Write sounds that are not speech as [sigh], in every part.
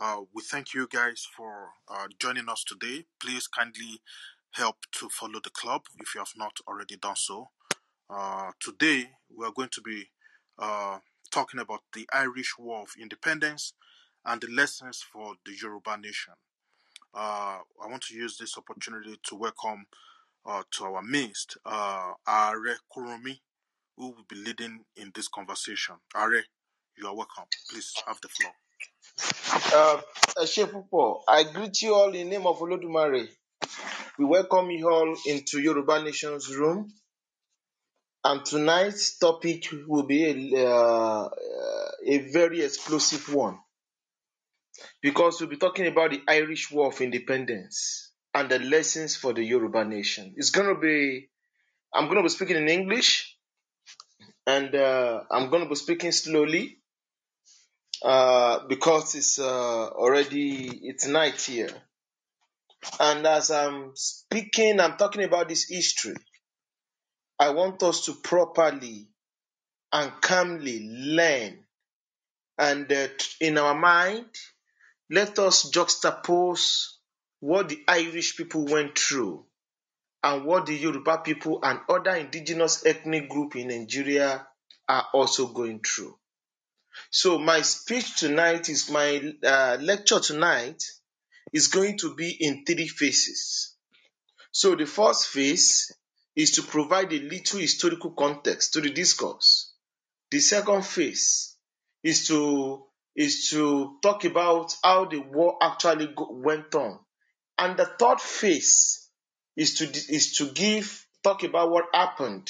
Uh, we thank you guys for uh, joining us today. Please kindly help to follow the club if you have not already done so. Uh, today, we are going to be uh, talking about the Irish War of Independence and the lessons for the Yoruba nation. Uh, I want to use this opportunity to welcome to our midst uh, Are Kurumi, who will be leading in this conversation. Are, you are welcome. Please have the floor. Uh, I greet you all in the name of Olodumare. We welcome you all into Yoruba Nation's room. And tonight's topic will be a, uh, uh, a very explosive one because we'll be talking about the Irish War of Independence and the lessons for the Yoruba Nation. It's going to be, I'm going to be speaking in English and uh, I'm going to be speaking slowly uh, because it's uh, already it's night here. And as I'm speaking, I'm talking about this history. I want us to properly and calmly learn, and uh, in our mind, let us juxtapose what the Irish people went through and what the Yoruba people and other indigenous ethnic group in Nigeria are also going through. So, my speech tonight is my uh, lecture tonight is going to be in three phases. So, the first phase is to provide a little historical context to the discourse. The second phase is to is to talk about how the war actually go, went on, and the third phase is to is to give talk about what happened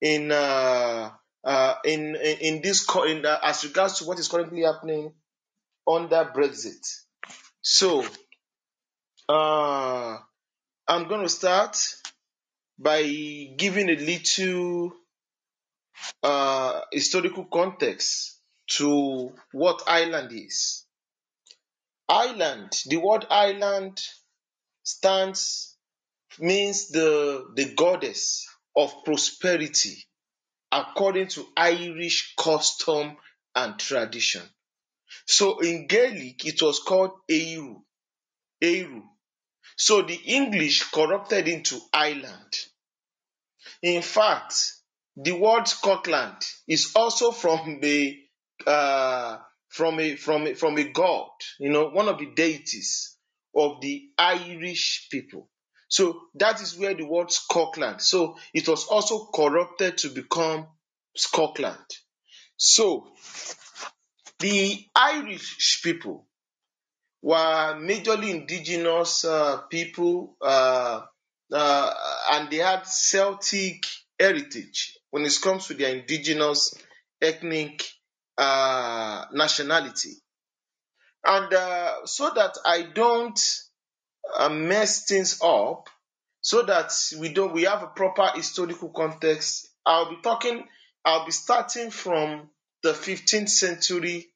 in uh, uh, in, in, this in, uh, as regards to what is currently happening under Brexit. So, uh, I'm going to start by giving a little uh, historical context to what Ireland is. Ireland, the word Ireland stands means the the goddess of prosperity according to Irish custom and tradition. So in Gaelic, it was called Eiru. Eiru. So the English corrupted into Ireland. In fact, the word Scotland is also from the uh, from a from a, from a god, you know, one of the deities of the Irish people. So that is where the word Scotland. So it was also corrupted to become Scotland. So the Irish people were majorly indigenous uh, people uh, uh, and they had Celtic heritage when it comes to their indigenous ethnic uh, nationality. And uh, so that I don't uh, mess things up so that we don't we have a proper historical context. I'll be talking. I'll be starting from the 15th century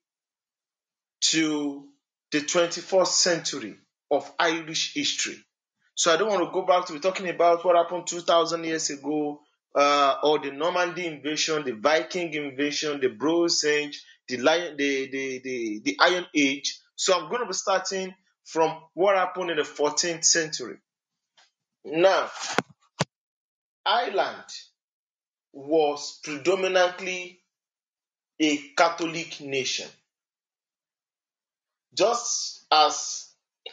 to the 21st century of Irish history. So I don't want to go back to be talking about what happened 2,000 years ago, uh, or the Normandy invasion, the Viking invasion, the Bronze Age, the, Lion, the, the, the, the Iron Age. So I'm going to be starting from what happened in the 14th century. Now, Ireland was predominantly a Catholic nation. Just as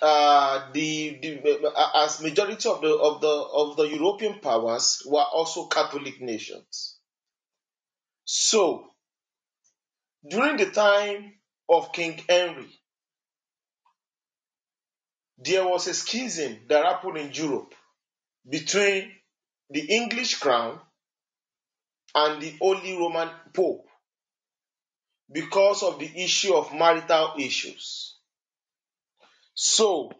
uh, the, the uh, as majority of the of the of the European powers were also Catholic nations. So during the time of King Henry, there was a schism that happened in Europe between the English crown and the Holy Roman Pope because of the issue of marital issues. So,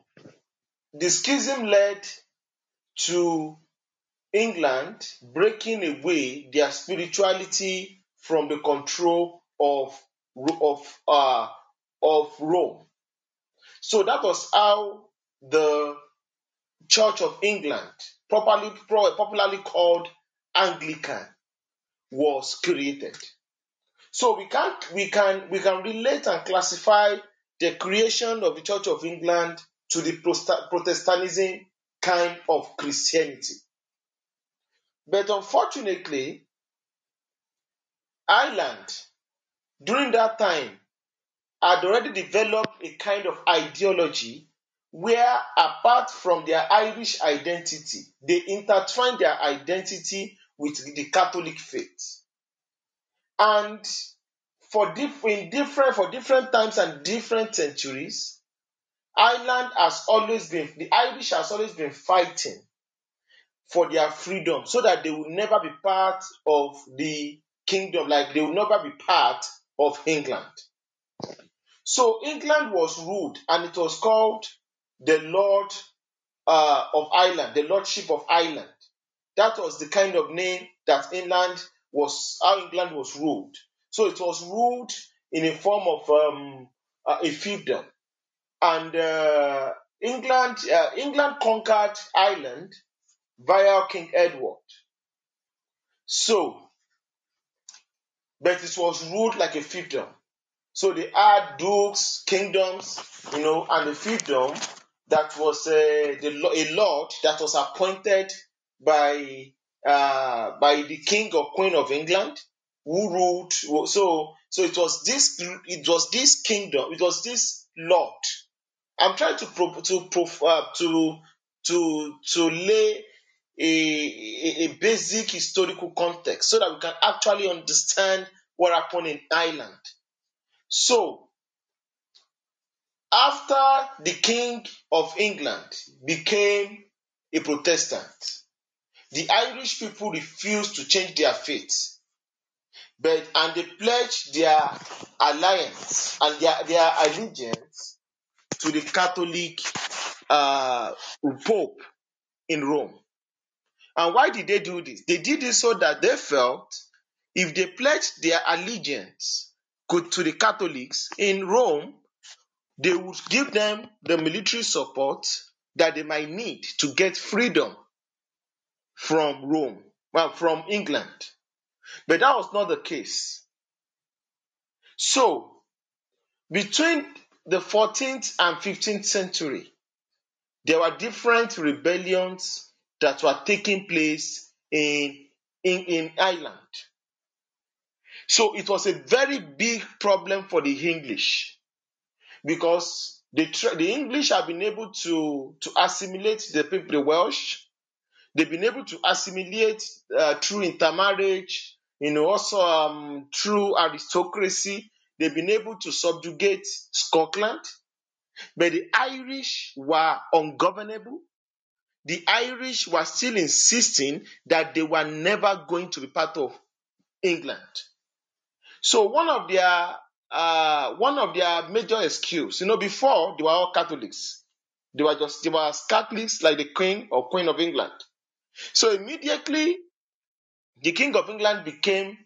the schism led to England breaking away their spirituality from the control of of uh, of Rome. So that was how the Church of England, properly, popularly called Anglican, was created. So we can we can we can relate and classify the creation of the Church of England to the Protestantism kind of Christianity. But unfortunately, Ireland during that time had already developed a kind of ideology where apart from their Irish identity, they intertwine their identity with the Catholic faith. And for diff- in different for different times and different centuries, Ireland has always been the Irish has always been fighting for their freedom so that they will never be part of the kingdom, like they will never be part of England. So England was ruled and it was called the Lord uh, of Ireland, the Lordship of Ireland. That was the kind of name that England was, how England was ruled. So it was ruled in a form of um, uh, a fiefdom, and uh, England uh, England conquered Ireland via King Edward. So, but it was ruled like a fiefdom. So they had dukes, kingdoms, you know, and the fiefdom that was uh, the, a lord that was appointed by uh, by the king or queen of England who ruled. So so it was this it was this kingdom it was this lord. I'm trying to pro, to pro, uh, to to to lay a, a basic historical context so that we can actually understand what happened in Ireland. So after the King of England became a Protestant, the Irish people refused to change their faith, but and they pledged their alliance and their, their allegiance to the Catholic uh, Pope in Rome. And why did they do this? They did this so that they felt if they pledged their allegiance to the Catholics in Rome, they would give them the military support that they might need to get freedom from Rome, well, from England. But that was not the case. So, between the 14th and 15th century, there were different rebellions that were taking place in, in, in Ireland. So it was a very big problem for the English because the, the English have been able to, to assimilate the people, the Welsh. They've been able to assimilate uh, through intermarriage, you know, also um, through aristocracy. They've been able to subjugate Scotland, but the Irish were ungovernable. The Irish were still insisting that they were never going to be part of England. So one of their uh, one of their major excuses. You know, before they were all Catholics. They were just they were Catholics like the King or Queen of England. So immediately, the King of England became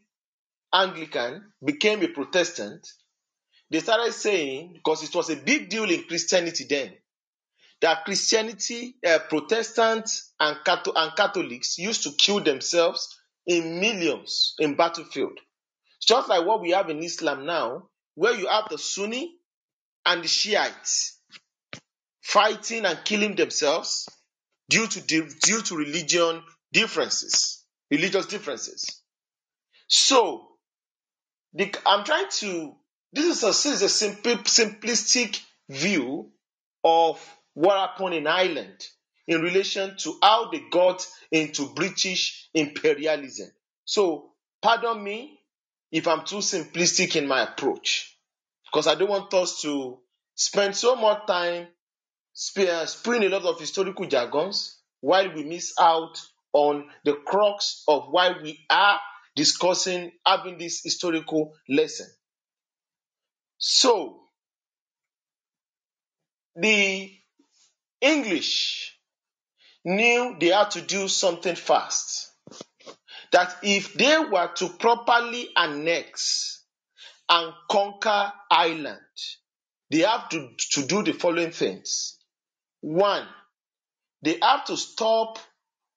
Anglican, became a Protestant. They started saying because it was a big deal in Christianity then that Christianity, uh, Protestants, and, and Catholics used to kill themselves in millions in battlefield. Just like what we have in Islam now, where you have the Sunni and the Shiites fighting and killing themselves due to due to religion differences, religious differences. So, the, I'm trying to. This is a, this is a simple, simplistic view of what happened in Ireland in relation to how they got into British imperialism. So, pardon me if I'm too simplistic in my approach. Because I don't want us to spend so much time uh, spewing a lot of historical jargons while we miss out on the crux of why we are discussing having this historical lesson. So, the English knew they had to do something fast that if they were to properly annex and conquer Ireland, they have to, to do the following things. One, they have to stop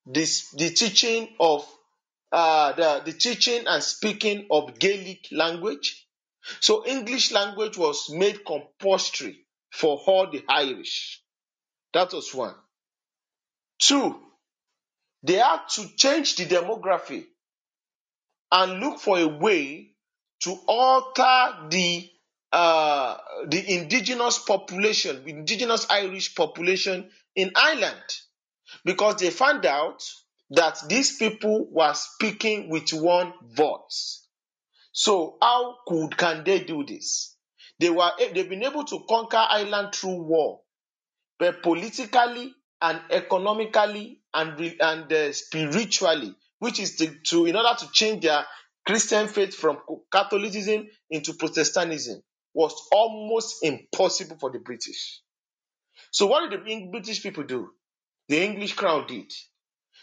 this, the teaching of uh, the, the teaching and speaking of Gaelic language. So English language was made compulsory for all the Irish. That was one. Two, they had to change the demography and look for a way to alter the uh, the indigenous population, indigenous Irish population in Ireland, because they found out that these people were speaking with one voice. So how could can they do this? They were they've been able to conquer Ireland through war, but politically and economically and re- and uh, spiritually, which is to, to in order to change their Christian faith from Catholicism into Protestantism was almost impossible for the British. So what did the British people do? The English crown did.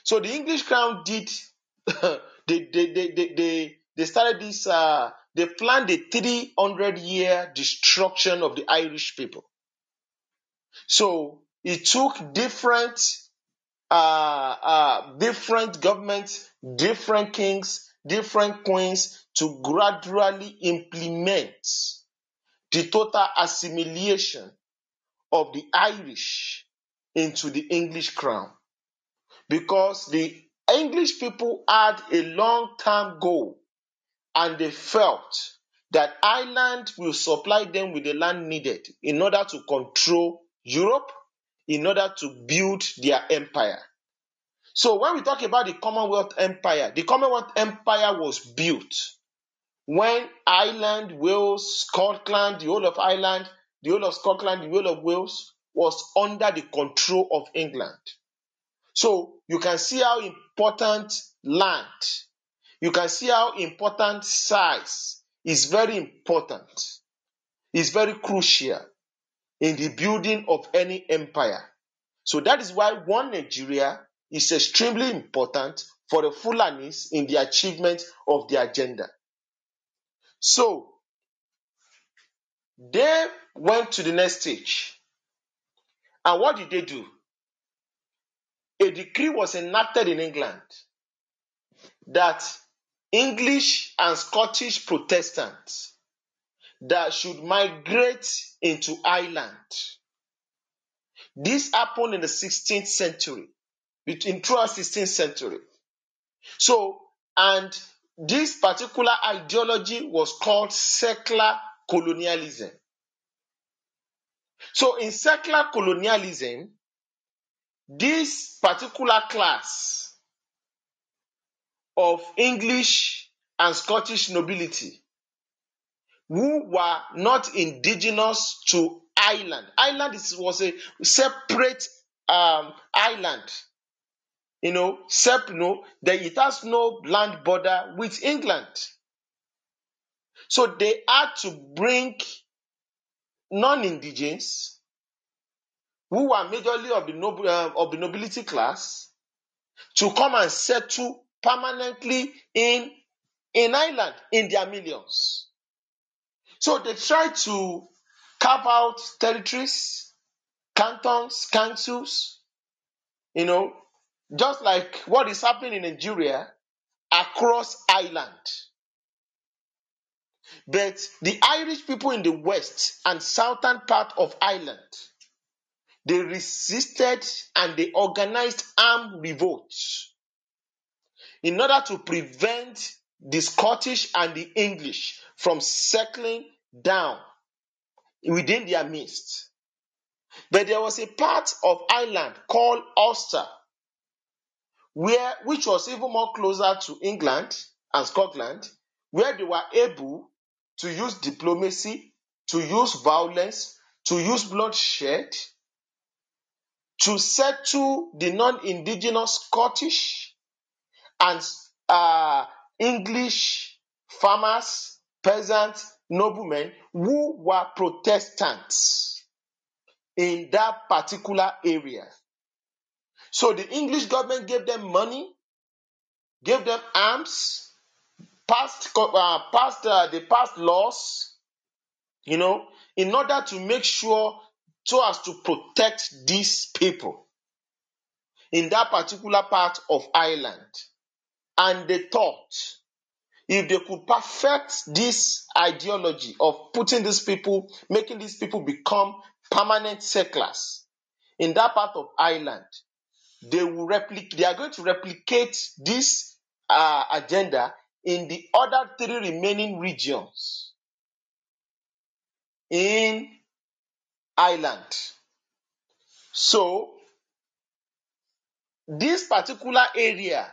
So the English crown did. [laughs] they, they, they, they, they, they started this. Uh, they planned a 300 year destruction of the Irish people. So it took different uh, uh, different governments, different kings, different queens to gradually implement the total assimilation of the Irish into the English crown. Because the English people had a long time goal and they felt that Ireland will supply them with the land needed in order to control Europe in order to build their empire. So when we talk about the Commonwealth Empire, the Commonwealth Empire was built when Ireland, Wales, Scotland, the whole of Ireland, the whole of Scotland, the whole of Wales was under the control of England. So you can see how important land, you can see how important size is very important, is very crucial in the building of any empire. So that is why one Nigeria is extremely important for the Fulanis in the achievement of the agenda. So they went to the next stage. And what did they do? A decree was enacted in England that English and Scottish Protestants that should migrate into Ireland. This happened in the 16th century, in throughout 16th century. So, and this particular ideology was called secular colonialism. So, in secular colonialism, this particular class of English and Scottish nobility who were not indigenous to Ireland. Ireland was a separate um, island. You know, sep, that it has no land border with England. So they had to bring non-indigenous who were majorly of the, nob- uh, of the nobility class to come and settle permanently in, in Ireland in their millions. So they try to carve out territories, cantons, councils, you know, just like what is happening in Nigeria across Ireland. But the Irish people in the west and southern part of Ireland, they resisted and they organized armed revolts in order to prevent the Scottish and the English from settling down within their midst. But there was a part of Ireland called Ulster, where, which was even more closer to England and Scotland, where they were able to use diplomacy, to use violence, to use bloodshed, to settle the non indigenous Scottish and uh, English farmers peasants, noblemen who were Protestants in that particular area. So the English government gave them money, gave them arms, passed, uh, passed uh, they passed laws, you know, in order to make sure so as to protect these people in that particular part of Ireland. And they thought if they could perfect this ideology of putting these people, making these people become permanent settlers in that part of Ireland, they will replicate. They are going to replicate this uh, agenda in the other three remaining regions in Ireland. So, this particular area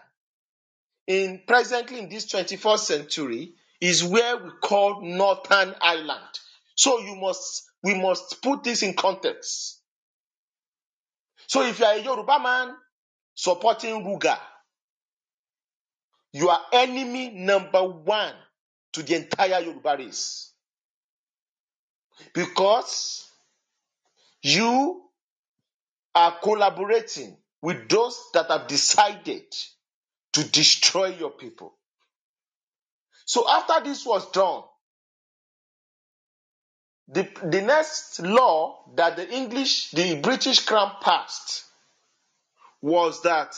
in presently in this 21st century is where we call Northern Ireland. So you must we must put this in context. So if you are a Yoruba man supporting Ruga, you are enemy number one to the entire Yoruba race. Because you are collaborating with those that have decided to destroy your people. So after this was done, the, the next law that the English, the British Crown passed was that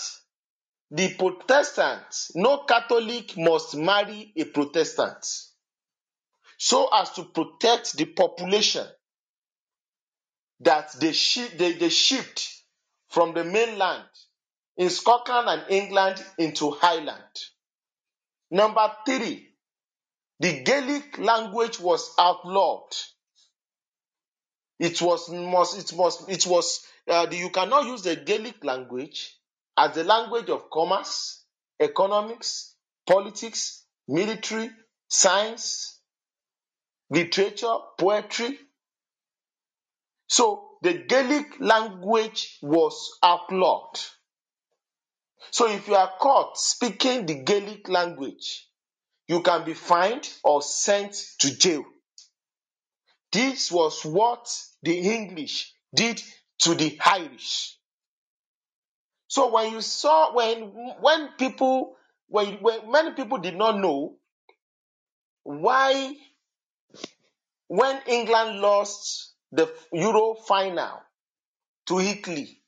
the Protestant, no Catholic must marry a Protestant so as to protect the population that they, they, they shipped from the mainland in Scotland and England into Highland. Number three, the Gaelic language was outlawed. It was must it must it was uh, you cannot use the Gaelic language as the language of commerce, economics, politics, military, science, literature, poetry. So the Gaelic language was outlawed. So if you are caught speaking the Gaelic language, you can be fined or sent to jail. This was what the English did to the Irish. So when you saw when when people when, when many people did not know why when England lost the Euro final to Italy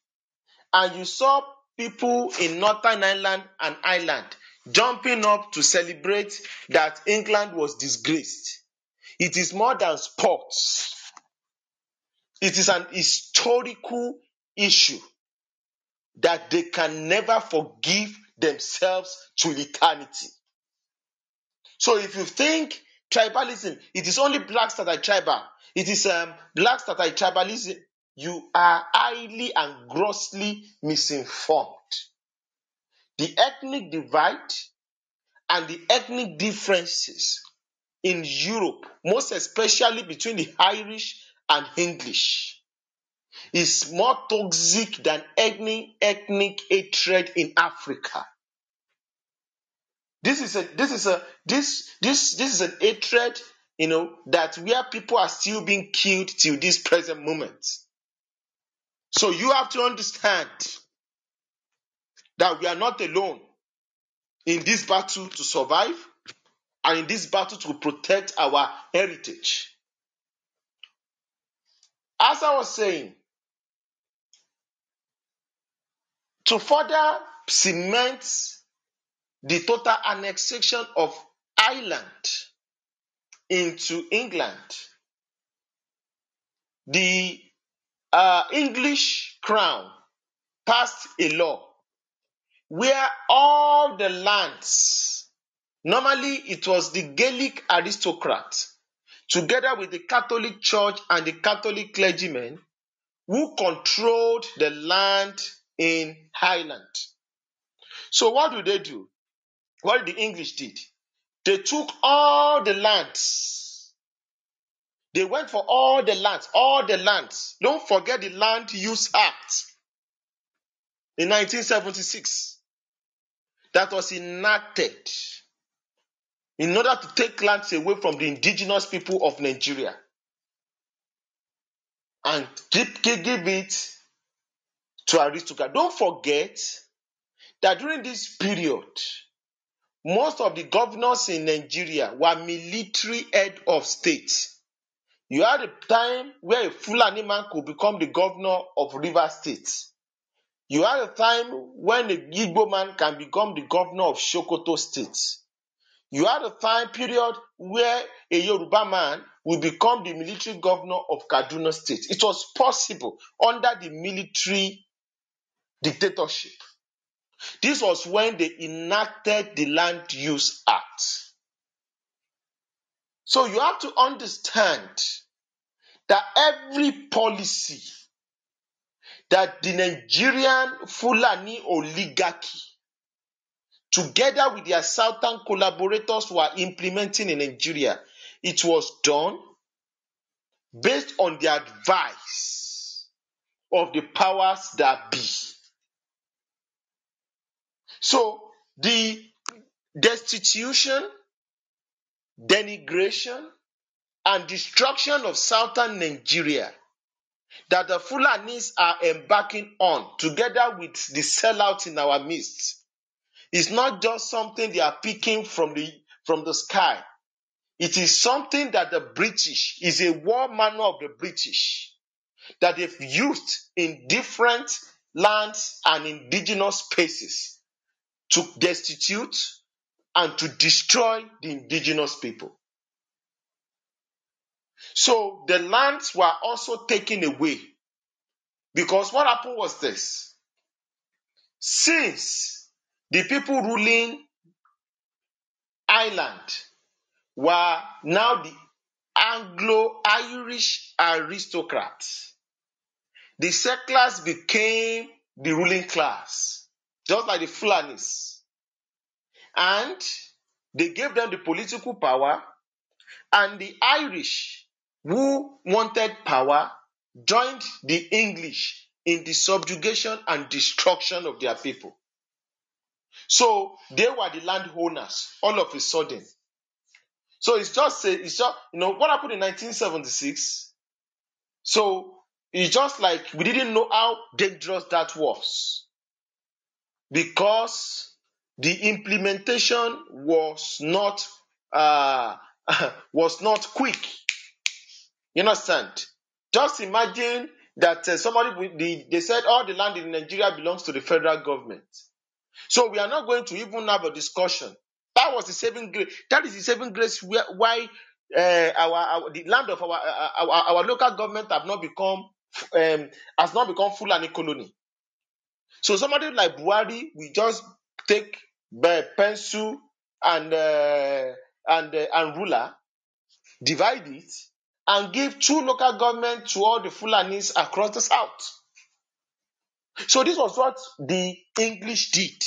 and you saw people in Northern Ireland and Ireland jumping up to celebrate that England was disgraced. It is more than sports, it is an historical issue that they can never forgive themselves to eternity. So if you think tribalism, it is only blacks that are tribal. It is um, blacks that are tribalism, you are highly and grossly misinformed. The ethnic divide and the ethnic differences in Europe, most especially between the Irish and English, is more toxic than any ethnic hatred in Africa. This is a this is a this this this is an hatred, you know, that where people are still being killed till this present moment. So you have to understand that we are not alone in this battle to survive and in this battle to protect our heritage. As I was saying, to further cement the total annexation of Ireland into England, the uh, English crown passed a law where all the lands, normally it was the Gaelic aristocrat, together with the Catholic Church and the Catholic clergymen, who controlled the land in Highland. So what do they do? What the English did? They took all the lands they went for all the lands, all the lands. Don't forget the Land Use Act in 1976 that was enacted in order to take lands away from the indigenous people of Nigeria and keep, give it to aristocrats. Don't forget that during this period, most of the governors in Nigeria were military head of state. You had a time where a Fulani man could become the governor of River State. You had a time when a Igbo man can become the governor of Sokoto State. You had a time period where a Yoruba man will become the military governor of Kaduna State. It was possible under the military dictatorship. This was when they enacted the Land Use Act. So you have to understand that every policy that the Nigerian Fulani oligarchy, together with their southern collaborators, were implementing in Nigeria, it was done based on the advice of the powers that be. So the destitution denigration, and destruction of southern Nigeria that the Fulanis are embarking on together with the sellout in our midst is not just something they are picking from the, from the sky. It is something that the British is a war manual of the British that they've used in different lands and indigenous spaces to destitute, and to destroy the indigenous people. So the lands were also taken away because what happened was this. Since the people ruling Ireland were now the Anglo Irish aristocrats, the settlers became the ruling class, just like the Fulanis. And they gave them the political power, and the Irish, who wanted power, joined the English in the subjugation and destruction of their people. So they were the landowners all of a sudden. So it's just it's just you know what happened in 1976. So it's just like we didn't know how dangerous that was because the implementation was not uh, [laughs] was not quick. You understand? Just imagine that uh, somebody the, they said all the land in Nigeria belongs to the federal government. So we are not going to even have a discussion. That was the saving grace. That is the saving grace why uh, our, our, the land of uh, our, our, our local government have not become um, has not become full and colony. So somebody like Buhari we just take by pencil and uh, and uh, and ruler, divide it, and give two local government to all the Fulanis across the south. So this was what the English did.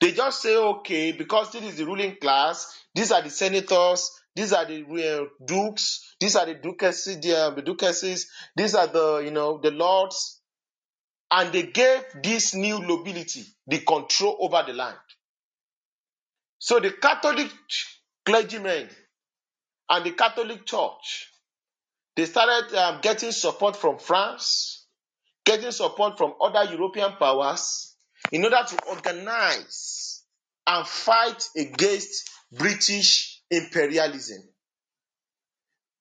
They just say, okay, because this is the ruling class, these are the senators, these are the uh, dukes, these are the duchesses, the, uh, the duchesses, these are the you know the lords, and they gave this new nobility the control over the land. So the Catholic clergymen and the Catholic Church, they started um, getting support from France, getting support from other European powers in order to organize and fight against British imperialism.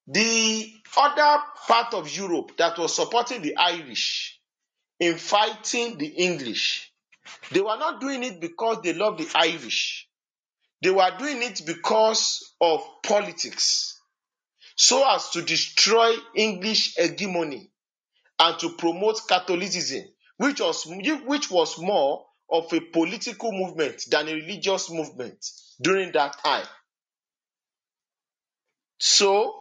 The other part of Europe that was supporting the Irish in fighting the English. They were not doing it because they loved the Irish. They were doing it because of politics, so as to destroy English hegemony and to promote Catholicism, which was, which was more of a political movement than a religious movement during that time. So,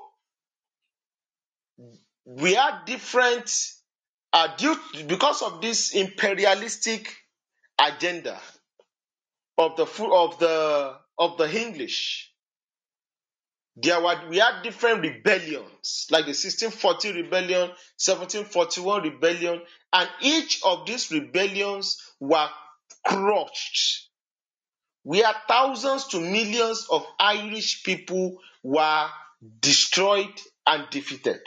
we are different uh, due because of this imperialistic agenda of the of the of the English, there were we had different rebellions, like the 1640 rebellion, 1741 rebellion, and each of these rebellions were crushed We had thousands to millions of Irish people were destroyed and defeated.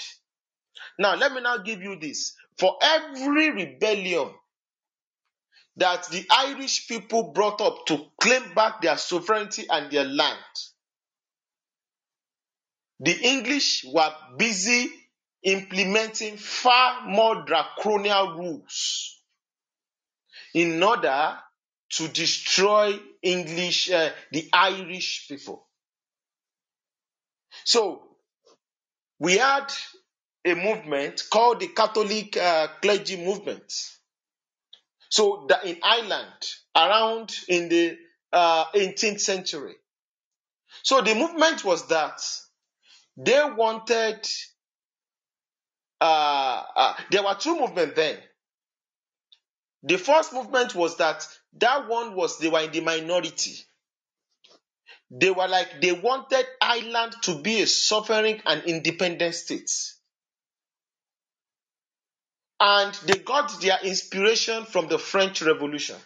Now, let me now give you this. For every rebellion that the Irish people brought up to claim back their sovereignty and their land, the English were busy implementing far more draconian rules in order to destroy English, uh, the Irish people. So we had a movement called the Catholic uh, Clergy Movement. So that in Ireland, around in the uh, 18th century. So the movement was that they wanted. Uh, uh there were two movements then. The first movement was that that one was they were in the minority. They were like they wanted Ireland to be a sovereign and independent state and they got their inspiration from the French Revolution,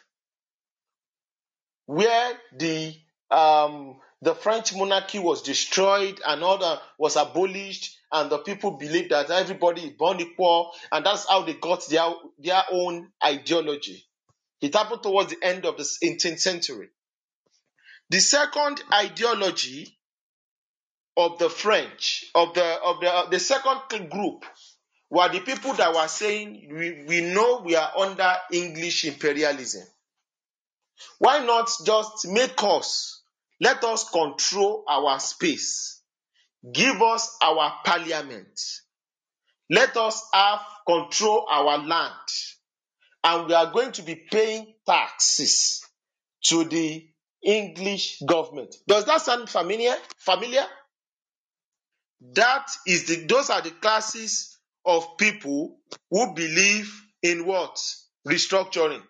where the um, the French monarchy was destroyed and all that was abolished, and the people believed that everybody is born equal, and that's how they got their their own ideology. It happened towards the end of the 18th century. The second ideology of the French, of the of the, of uh, the second group were the people that were saying, we, we know we are under English imperialism. Why not just make us, let us control our space, give us our parliament, let us have control our land, and we are going to be paying taxes to the English government. Does that sound familiar? Familiar? That is the those are the classes of people who believe in what? Restructuring.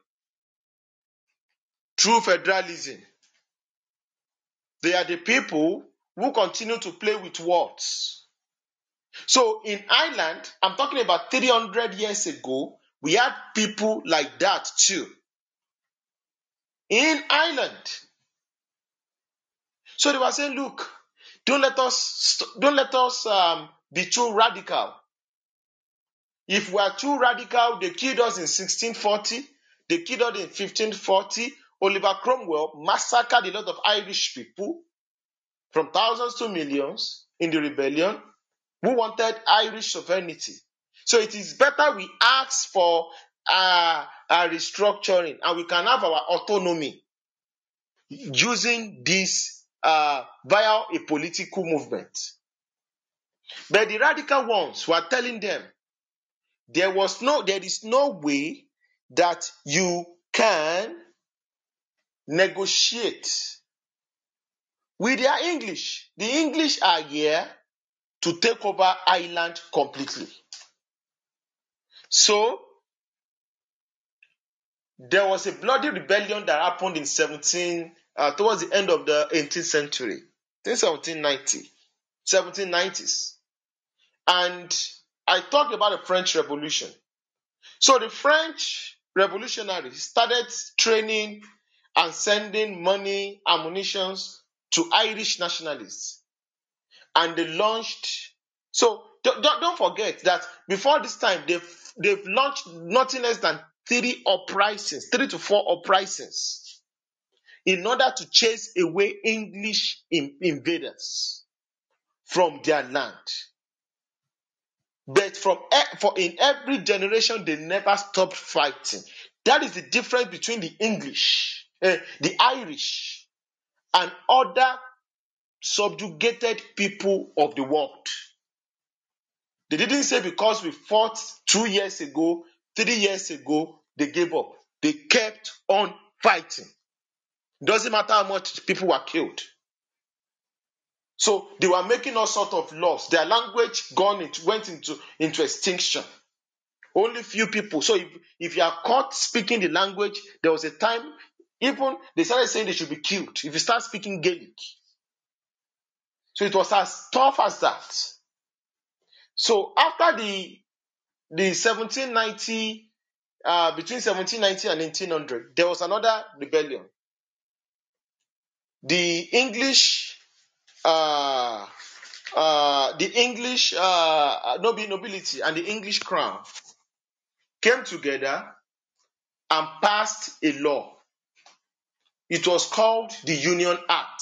True federalism. They are the people who continue to play with words. So in Ireland, I'm talking about 300 years ago, we had people like that too. In Ireland. So they were saying, look, don't let us, don't let us um, be too radical. If we are too radical, they killed us in 1640, they killed us in 1540. Oliver Cromwell massacred a lot of Irish people from thousands to millions in the rebellion who wanted Irish sovereignty. So it is better we ask for a, uh, a restructuring and we can have our autonomy using this uh, via a political movement. But the radical ones were telling them there was no, there is no way that you can negotiate with their English. The English are here to take over Ireland completely. So there was a bloody rebellion that happened in 17 uh, towards the end of the 18th century, 1790, 1790s, and I talked about the French Revolution. So the French revolutionaries started training and sending money, ammunition to Irish nationalists. And they launched. So don't, don't forget that before this time, they've, they've launched nothing less than three uprisings, three to four uprisings, in order to chase away English invaders from their land. But from for in every generation they never stopped fighting. That is the difference between the English, uh, the Irish, and other subjugated people of the world. They didn't say because we fought two years ago, three years ago, they gave up. They kept on fighting. Doesn't matter how much people were killed. So they were making all sort of laws. Their language gone into, went into, into extinction. Only few people. So if, if you are caught speaking the language, there was a time even they started saying they should be killed if you start speaking Gaelic. So it was as tough as that. So after the the 1790, uh, between 1790 and 1800, there was another rebellion. The English uh, uh, the English uh, uh nobility and the English crown came together and passed a law. It was called the Union Act.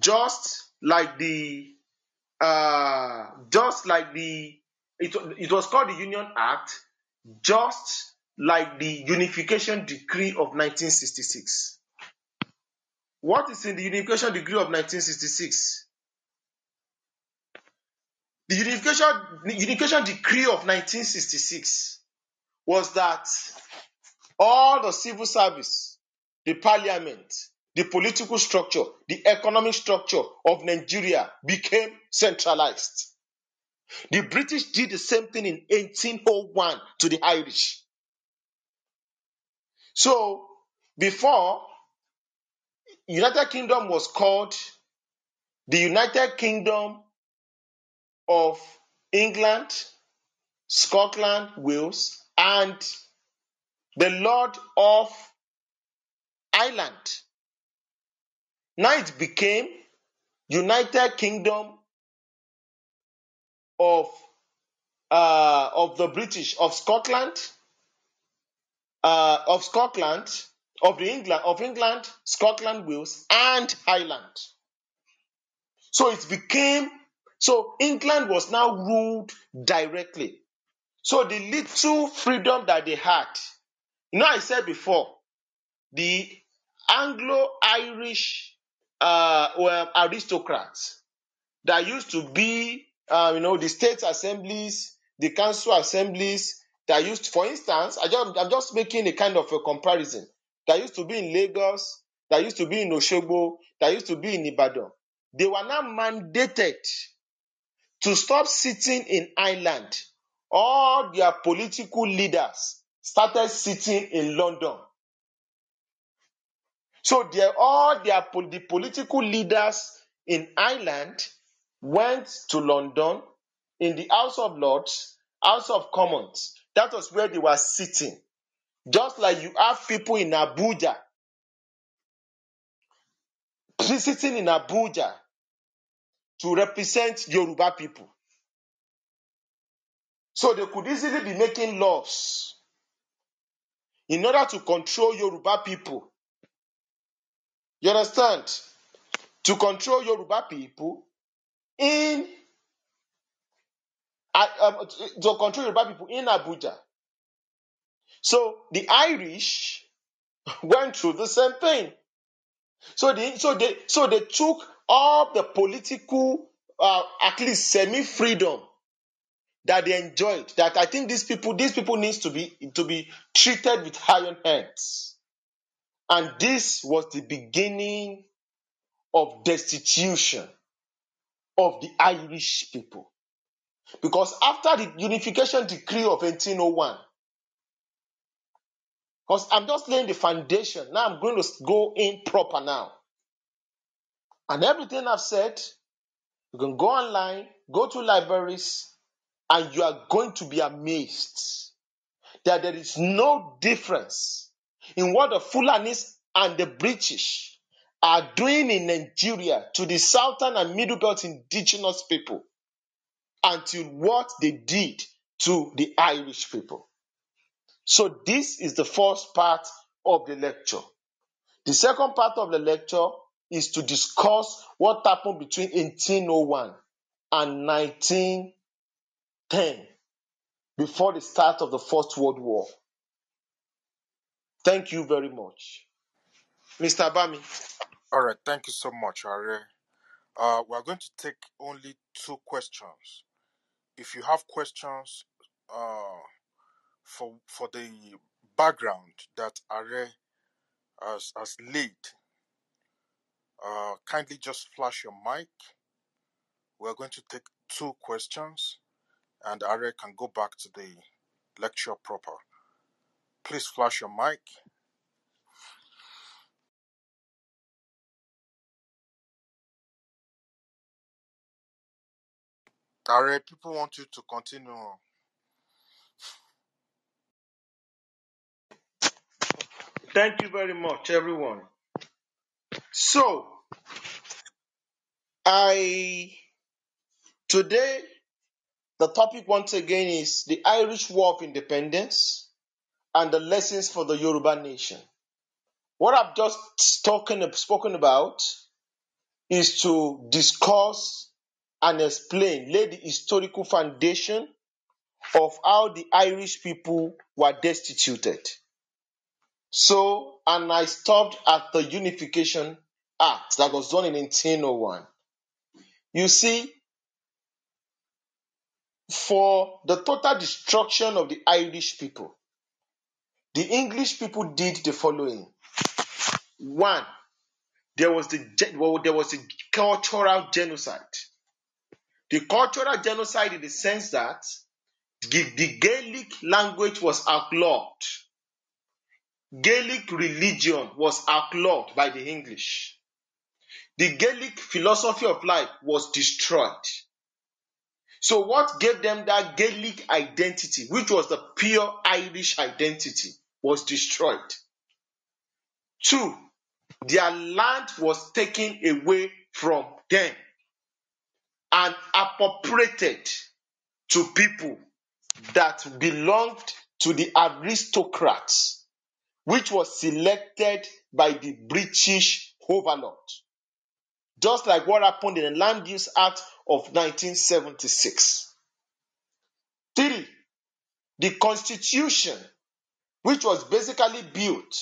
Just like the, uh, just like the, it, it was called the Union Act, just like the Unification Decree of 1966. What is in the Unification Decree of 1966? The Unification, the Unification Decree of 1966 was that all the civil service, the parliament, the political structure, the economic structure of Nigeria became centralized. The British did the same thing in 1801 to the Irish. So, before United Kingdom was called the United Kingdom of England, Scotland, Wales, and the Lord of Ireland. Now it became United Kingdom of uh, of the British of Scotland, uh, of Scotland, of the England of England, Scotland, Wales, and Ireland. So it became so England was now ruled directly. So the little freedom that they had, you know, I said before, the Anglo-Irish uh, well, aristocrats that used to be, uh, you know, the state assemblies, the council assemblies that used, for instance, I am just making a kind of a comparison that used to be in Lagos, that used to be in Oshogbo, that used to be in Ibadan, they were now mandated to stop sitting in Ireland. All their political leaders started sitting in London. So all their the political leaders in Ireland went to London in the House of Lords, House of Commons. That was where they were sitting. Just like you have people in Abuja, sitting in Abuja to represent Yoruba people. So they could easily be making laws in order to control Yoruba people. You understand? To control Yoruba people in uh, um, to control Yoruba people in Abuja so the Irish [laughs] went through the same thing. So they, so they, so they took all the political, uh, at least semi-freedom that they enjoyed. That I think these people, these people needs to be to be treated with iron hands. And this was the beginning of destitution of the Irish people. Because after the unification decree of 1801, because I'm just laying the foundation. Now I'm going to go in proper now. And everything I've said, you can go online, go to libraries, and you are going to be amazed that there is no difference in what the Fulanis and the British are doing in Nigeria to the southern and middle belt indigenous people until what they did to the Irish people. So this is the first part of the lecture. The second part of the lecture is to discuss what happened between 1801 and 1910 before the start of the First World War. Thank you very much. Mr. Abami. All right, thank you so much, Are Uh, we're going to take only two questions. If you have questions, uh, for for the background that Are has, has laid. Uh, kindly just flash your mic. We're going to take two questions, and Are can go back to the lecture proper. Please flash your mic. Are people want you to continue Thank you very much, everyone. So, I today the topic once again is the Irish War of Independence and the lessons for the Yoruba nation. What I've just talking, spoken about is to discuss and explain, lay the historical foundation of how the Irish people were destituted so, and I stopped at the Unification Act that was done in 1801. You see, for the total destruction of the Irish people, the English people did the following. One, there was the well, there was the cultural genocide. The cultural genocide in the sense that the, the Gaelic language was outlawed Gaelic religion was outlawed by the English. The Gaelic philosophy of life was destroyed. So, what gave them that Gaelic identity, which was the pure Irish identity, was destroyed. Two, their land was taken away from them and appropriated to people that belonged to the aristocrats which was selected by the British overlord. Just like what happened in the Land Use Act of 1976. Three, the Constitution, which was basically built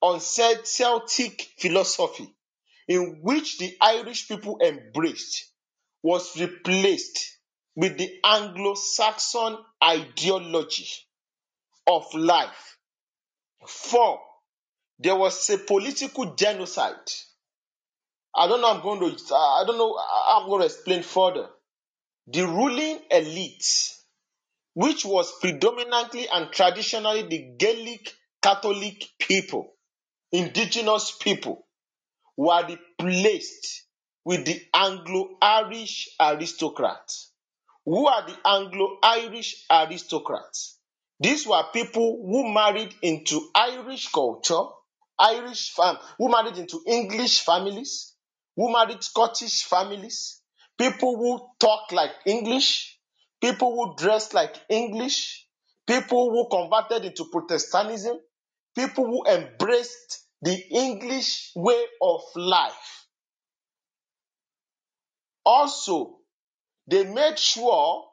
on Celtic philosophy, in which the Irish people embraced, was replaced with the Anglo Saxon ideology of life Four, there was a political genocide. I don't know. I'm going to. I don't know. I'm going to explain further. The ruling elite, which was predominantly and traditionally the Gaelic Catholic people, indigenous people, were replaced with the Anglo-Irish aristocrats. Who are the Anglo-Irish aristocrats? These were people who married into Irish culture, Irish fam, who married into English families, who married Scottish families, people who talk like English, people who dress like English, people who converted into Protestantism, people who embraced the English way of life. Also, they made sure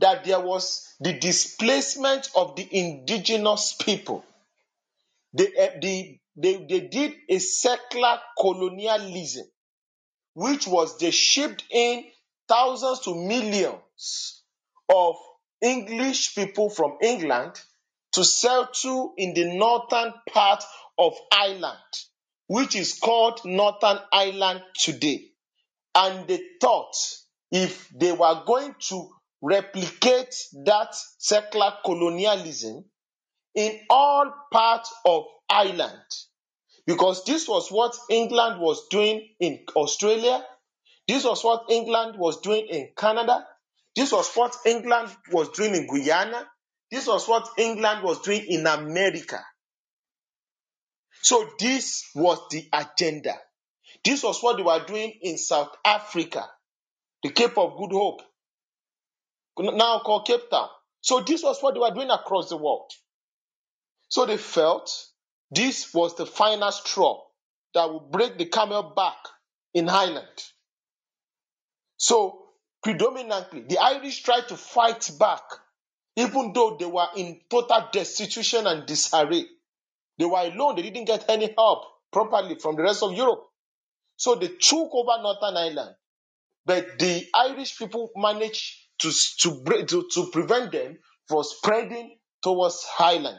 that there was the displacement of the indigenous people. They, eh, they, they, they did a secular colonialism, which was they shipped in thousands to millions of English people from England to settle in the northern part of Ireland, which is called Northern Ireland today. And they thought if they were going to replicate that secular colonialism in all parts of Ireland. Because this was what England was doing in Australia, this was what England was doing in Canada, this was what England was doing in Guyana, this was what England was doing in America. So, this was the agenda. This was what they were doing in South Africa, the Cape of Good Hope, now called Cape Town. So this was what they were doing across the world. So they felt this was the final straw that would break the camel back in Ireland. So predominantly, the Irish tried to fight back, even though they were in total destitution and disarray. They were alone, they didn't get any help properly from the rest of Europe. So they took over Northern Ireland. But the Irish people managed to, to, to, to prevent them from spreading towards Ireland,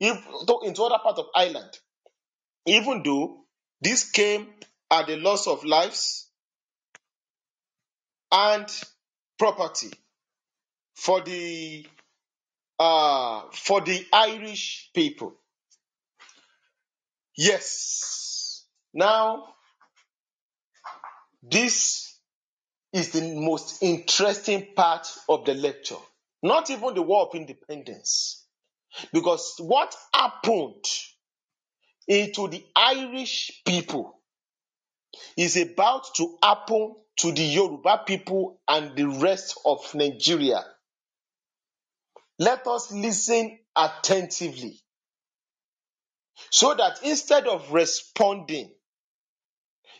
if, into other part of Ireland. Even though this came at the loss of lives and property for the uh, for the Irish people. Yes. Now, this is the most interesting part of the lecture. Not even the War of Independence. Because what happened into the Irish people is about to happen to the Yoruba people and the rest of Nigeria. Let us listen attentively so that instead of responding,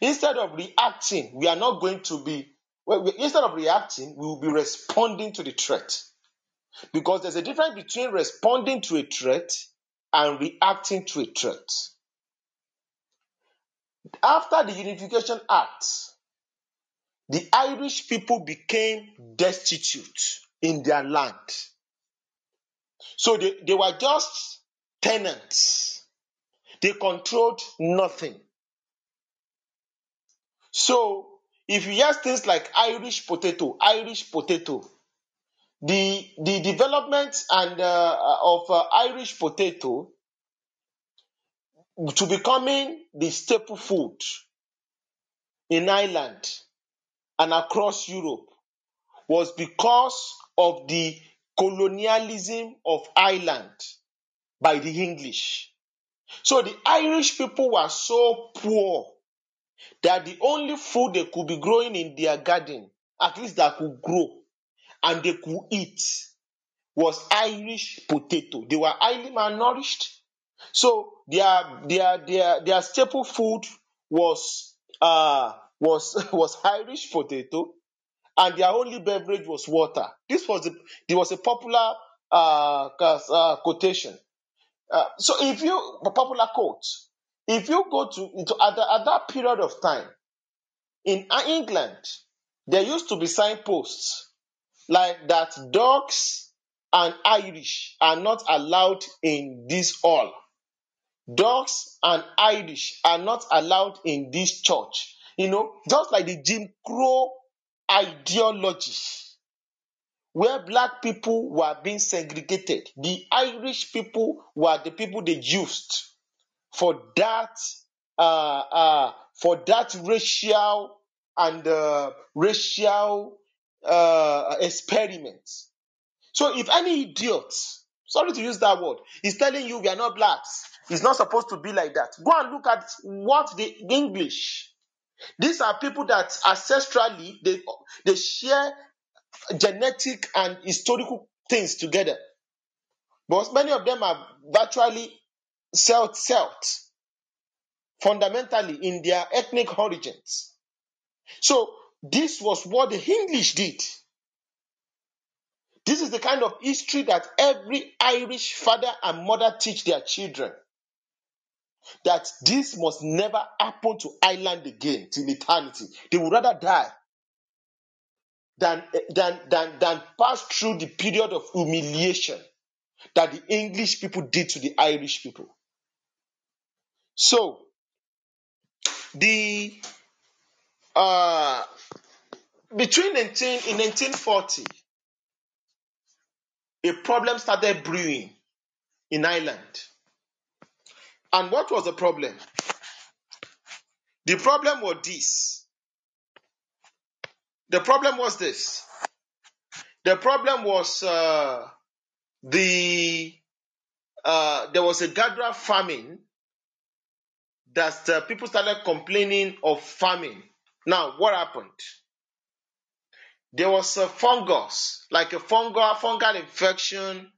instead of reacting, we are not going to be well, instead of reacting, we will be responding to the threat. Because there's a difference between responding to a threat and reacting to a threat. After the Unification Act, the Irish people became destitute in their land. So they, they were just tenants, they controlled nothing. So if you hear things like Irish potato, Irish potato, the the development and uh, uh, of uh, Irish potato to becoming the staple food in Ireland and across Europe was because of the colonialism of Ireland by the English. So the Irish people were so poor that the only food they could be growing in their garden, at least that could grow and they could eat, was Irish potato. They were highly malnourished. So their their their their staple food was uh was [laughs] was Irish potato, and their only beverage was water. This was a, there was a popular uh, uh quotation. Uh, so if you a popular quote, if you go to into, at, the, at that period of time in England, there used to be signposts like that dogs and Irish are not allowed in this hall. Dogs and Irish are not allowed in this church. You know, just like the Jim Crow ideology, where black people were being segregated, the Irish people were the people they used for that uh, uh, for that racial and uh, racial uh, experiment. So if any idiot, sorry to use that word, is telling you we are not blacks, it's not supposed to be like that. Go and look at what the English. These are people that ancestrally they they share genetic and historical things together. But many of them are virtually South, Celts, fundamentally in their ethnic origins. So this was what the English did. This is the kind of history that every Irish father and mother teach their children. That this must never happen to Ireland again till eternity. They would rather die than, than, than, than pass through the period of humiliation that the English people did to the Irish people. So the uh, between 19 in 1940, a problem started brewing in Ireland. And what was the problem? The problem was this. The problem was this. The problem was uh, the uh, there was a Gadra famine that uh, people started complaining of famine. Now, what happened? There was a fungus, like a fungal, fungal infection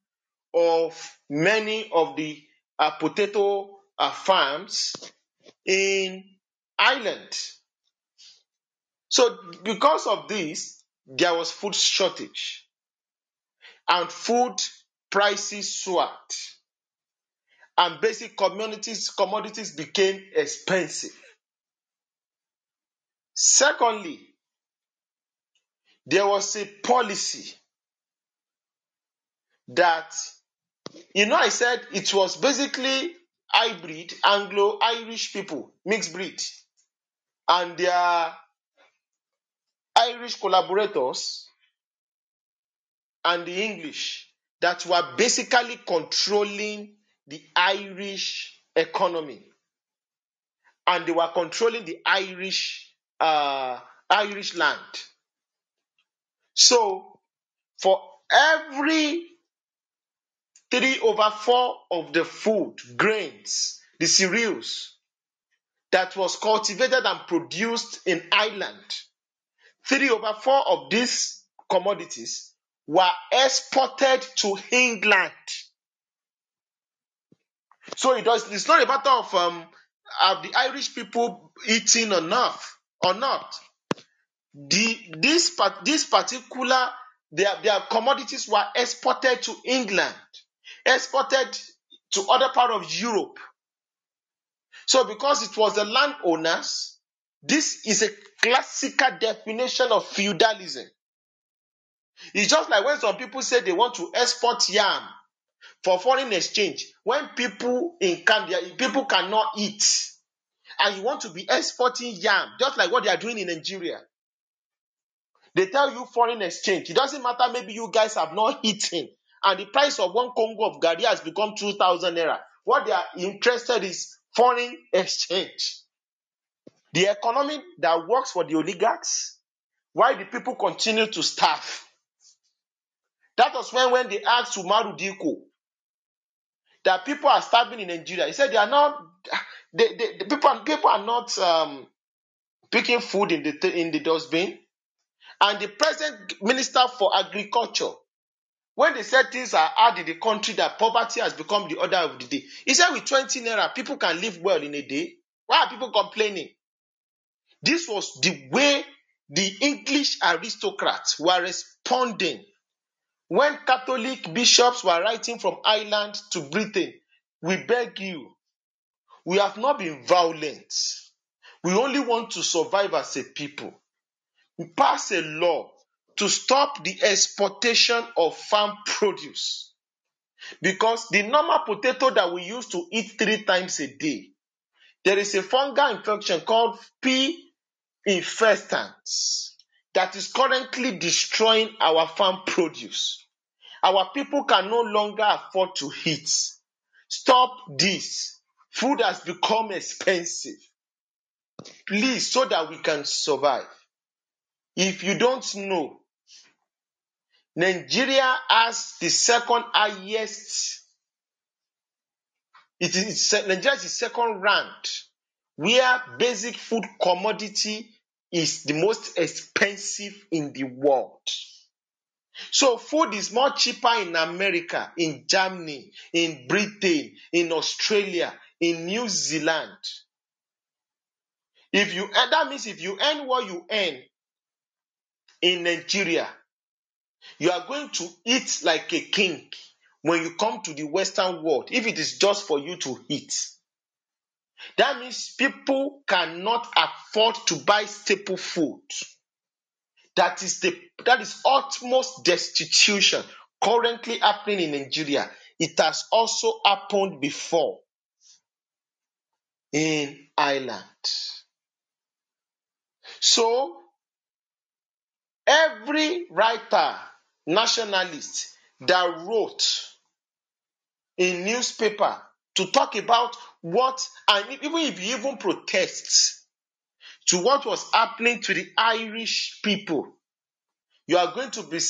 of many of the uh, potato uh, farms in Ireland. So, because of this, there was food shortage and food prices soared and basic commodities commodities became expensive. Secondly, there was a policy that you know I said it was basically hybrid Anglo-Irish people, mixed breed, and their Irish collaborators and the English that were basically controlling the Irish economy, and they were controlling the Irish uh, Irish land. So, for every three over four of the food, grains, the cereals that was cultivated and produced in Ireland, three over four of these commodities were exported to England so it does. It's not a matter of um, are the Irish people eating enough or not. The this this particular their their commodities were exported to England, exported to other part of Europe. So because it was the landowners, this is a classical definition of feudalism. It's just like when some people say they want to export yam for foreign exchange when people in Canada, people cannot eat and you want to be exporting yam just like what they are doing in Nigeria. They tell you foreign exchange. It doesn't matter, maybe you guys have not [laughs] eaten and the price of one Congo of Gari has become 2,000 naira. What they are interested is foreign exchange. The economy that works for the oligarchs, why the people continue to starve. That was when, when they asked Umaru Diko, that people are starving in Nigeria. He said they are not. They, they, the people, people are not um, picking food in the in the dustbin. And the present minister for agriculture, when they said things are hard in the country that poverty has become the order of the day, he said with 20 naira people can live well in a day. Why are people complaining? This was the way the English aristocrats were responding When Catholic bishops were writing from Ireland to Britain, we beg you, we have not been violent. We only want to survive as a people. We pass a law to stop the exportation of farm produce because the normal potato that we used to eat three times a day, there is a fungal infection called P. infestans that is currently destroying our farm produce. Our people can no longer afford to eat. Stop this. Food has become expensive. Please, so that we can survive. If you don't know, Nigeria has the second highest. It is Nigeria is second ranked where basic food commodity is the most expensive in the world. So food is more cheaper in America, in Germany, in Britain, in Australia, in New Zealand. If you that means if you earn what you earn in Nigeria, you are going to eat like a king when you come to the Western world, if it is just for you to eat. That means people cannot afford to buy staple food. That is the that is utmost destitution currently happening in Nigeria. It has also happened before in Ireland. So every writer, nationalist that wrote in newspaper to talk about what, and even if he even protests to what was happening to the Irish people, you are going to be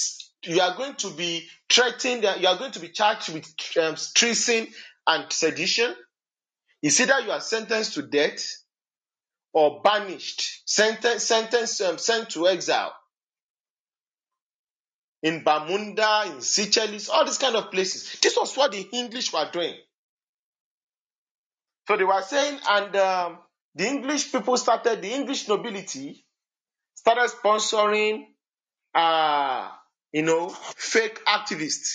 you are going to be threatened. You are going to be charged with um, treason and sedition. It's either you are sentenced to death or banished, sentence, sentenced um, sent to exile in Bamunda, in Seychelles, all these kind of places. This was what the English were doing. So they were saying, and um, the English people started, the English nobility started sponsoring, uh, you know, fake activists.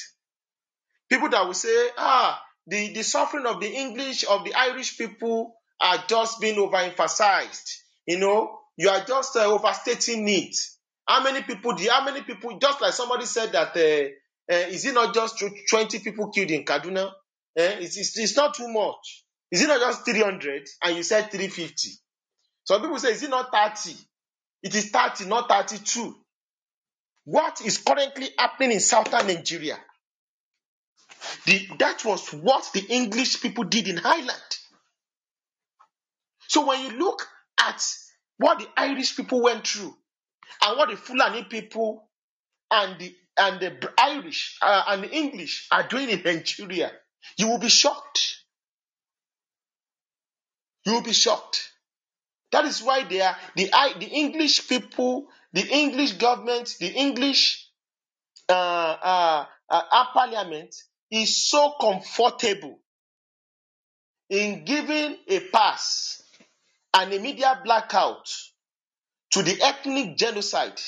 People that would say, ah, the, the suffering of the English, of the Irish people are just being overemphasized. You know, you are just uh, overstating it. How many people, how many people, just like somebody said that, uh, uh, is it not just 20 people killed in Kaduna? Eh, it's, it's, it's not too much. Is it not just 300 and you said 350? Some people say, is it not 30? It is 30, not 32. What is currently happening in southern Nigeria? The, that was what the English people did in Highland. So when you look at what the Irish people went through and what the Fulani people and the and the Irish uh, and the English are doing in Nigeria, you will be shocked. You'll be shocked. That is why they are the the English people, the English government, the English uh, uh, uh, parliament is so comfortable in giving a pass and a media blackout to the ethnic genocide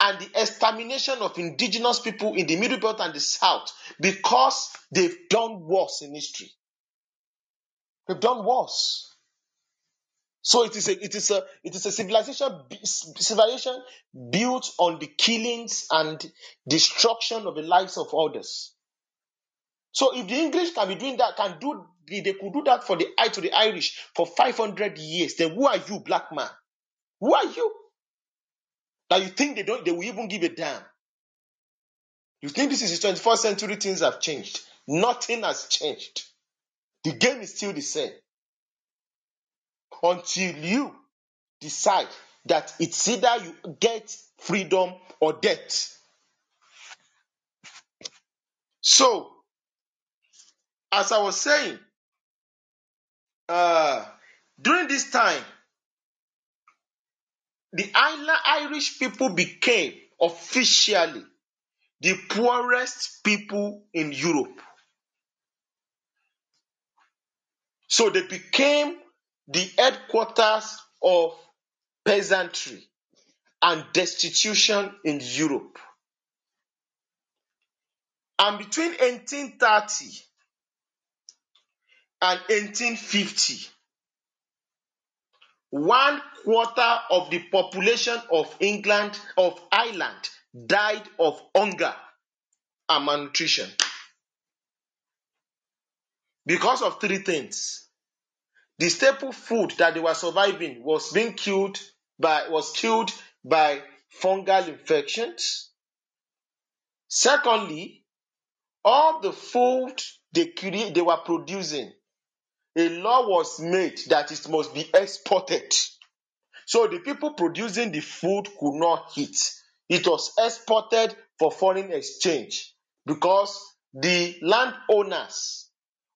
and the extermination of indigenous people in the Middle Belt and the South because they've done worse in history. They've done worse. So it is a it is a it is a civilization civilization built on the killings and destruction of the lives of others. So if the English can be doing that, can do they could do that for the eye to the Irish for 500 years, then who are you, black man? Who are you? That you think they don't they will even give a damn. You think this is the 21st century, things have changed. Nothing has changed. The game is still the same until you decide that it's either you get freedom or death. So, as I was saying, uh, during this time, the Irish people became officially the poorest people in Europe. So they became the headquarters of peasantry and destitution in Europe. And between 1830 and 1850, one quarter of the population of England, of Ireland, died of hunger and malnutrition because of three things the staple food that they were surviving was being killed by was killed by fungal infections. Secondly, all the food they they were producing, a law was made that it must be exported. So the people producing the food could not eat. It was exported for foreign exchange because the landowners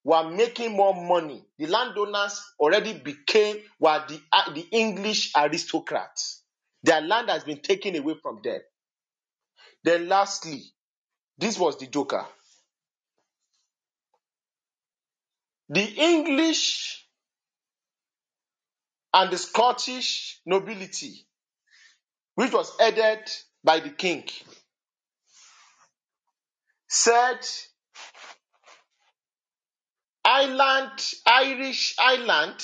were making more money. The landowners already became were the, uh, the English aristocrats. Their land has been taken away from them. Then, lastly, this was the joker. The English and the Scottish nobility, which was headed by the king, said Irish Island,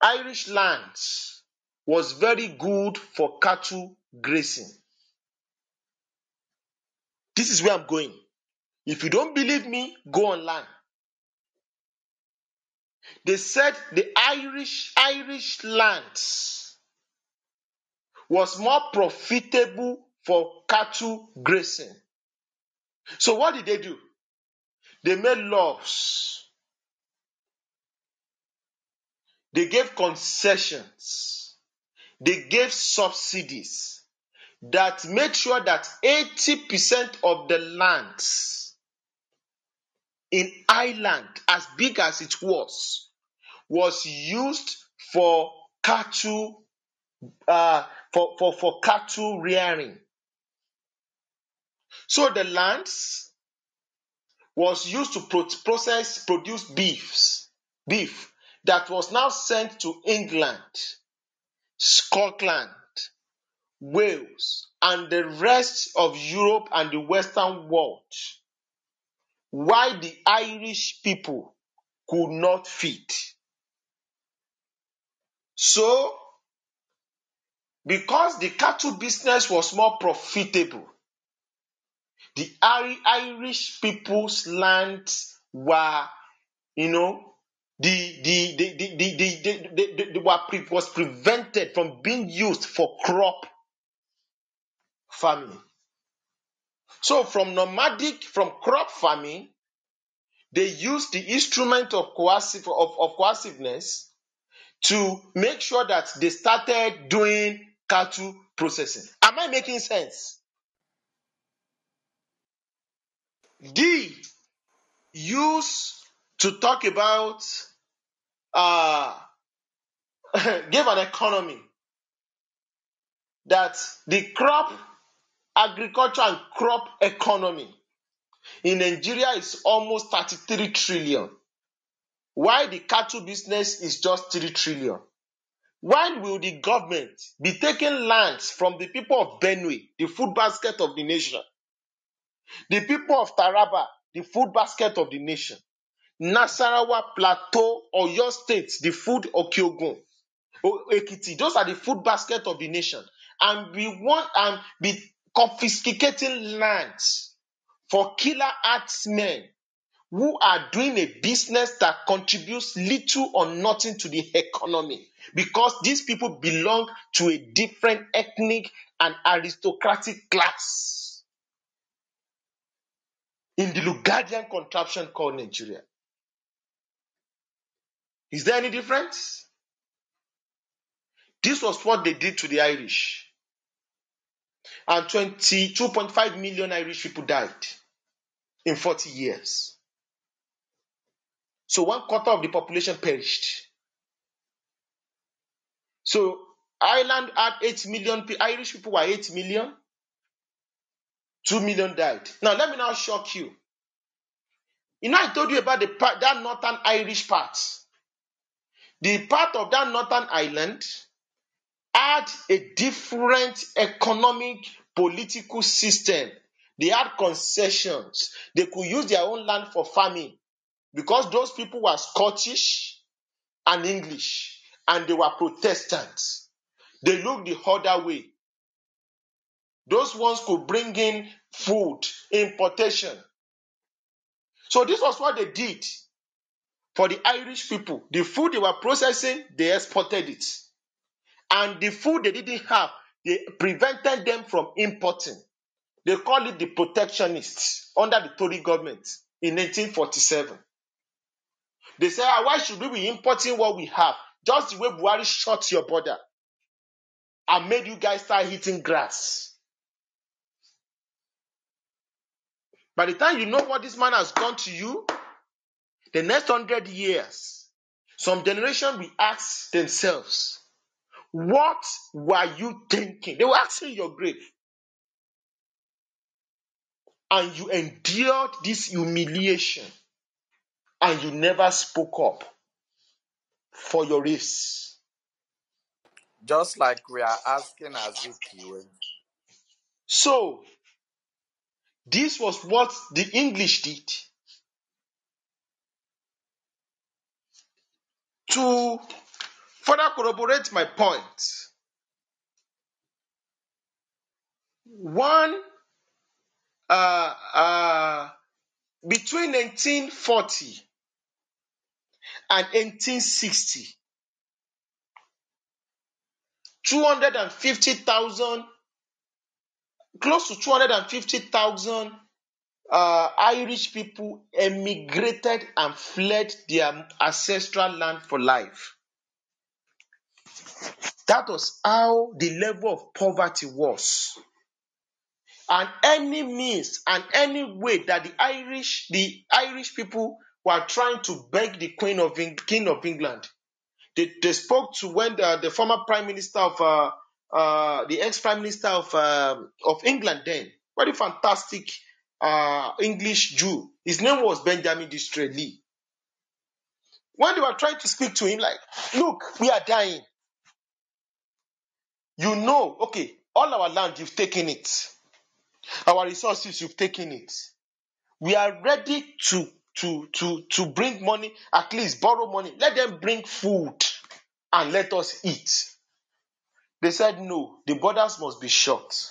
Irish lands was very good for cattle grazing. This is where I'm going. If you don't believe me, go online. They said the Irish Irish lands was more profitable for cattle grazing. So what did they do? They made laws. They gave concessions. They gave subsidies that made sure that 80% of the lands in Ireland, as big as it was, was used for cattle uh, for, for, for cattle rearing. So the lands was used to pro- process produce beefs, beef that was now sent to England, Scotland, Wales, and the rest of Europe and the Western world. Why the Irish people could not feed. So, because the cattle business was more profitable, the Irish people's lands were, you know, the the the the the, the, the, were was prevented from being used for crop farming. So from nomadic, from crop farming, they used the instrument of coercive of, of coerciveness to make sure that they started doing cattle processing. Am I making sense? D used to talk about uh, [laughs] an economy that the crop agriculture and crop economy in Nigeria is almost 33 trillion. Why the cattle business is just 3 trillion? When will the government be taking lands from the people of Benue, the food basket of the nation, the people of Taraba, the food basket of the nation. Nasarawa Plateau, Oyo State, the food of Kyogun, Ekiti. Those are the food basket of the nation. And we want and be confiscating lands for killer arts men who are doing a business that contributes little or nothing to the economy because these people belong to a different ethnic and aristocratic class in the Lugadian contraption called Nigeria. Is there any difference? This was what they did to the Irish. And 22.5 million Irish people died in 40 years. So one quarter of the population perished. So Ireland had 8 million Irish people were 8 million. Two million died. Now, let me now shock you. You know, I told you about the part, that northern Irish part. The part of that northern island had a different economic, political system. They had concessions. They could use their own land for farming because those people were Scottish and English and they were Protestants. They looked the other way. Those ones could bring in food, importation. So this was what they did for the Irish people. The food they were processing, they exported it. And the food they didn't have, they prevented them from importing. They call it the protectionists under the Tory government in 1947. They said, ah, why should we be importing what we have? Just the way Buhari shut your border and made you guys start hitting grass. By the time you know what this man has done to you, the next hundred years, some generation will ask themselves, What were you thinking? They will ask in your grave. And you endured this humiliation and you never spoke up for your race. Just like we are asking Azikiwe. So, this was what the English did. To further corroborate my point, one uh, uh, between 1940 and 1860, 250,000 close to 250,000 uh, Irish people emigrated and fled their ancestral land for life. That was how the level of poverty was. And any means and any way that the Irish, the Irish people were trying to beg the Queen of King of England. They, they spoke to when the, the former Prime Minister of uh, uh, the ex prime minister of uh, of England then, very fantastic uh, English Jew. His name was Benjamin Disraeli. When they were trying to speak to him, like, look, we are dying. You know, okay, all our land you've taken it, our resources you've taken it. We are ready to to to to bring money, at least borrow money. Let them bring food, and let us eat. They said, no, the borders must be shut.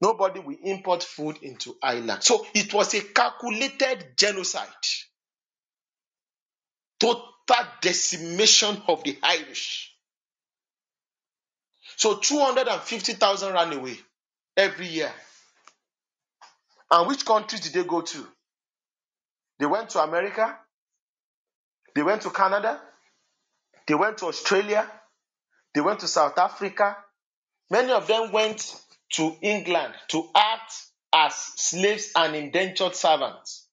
Nobody will import food into Ireland. So it was a calculated genocide, total decimation of the Irish. So 250,000 ran away every year. And which countries did they go to? They went to America, they went to Canada, they went to Australia, they went to South Africa. Many of them went to England to act as slaves and indentured servants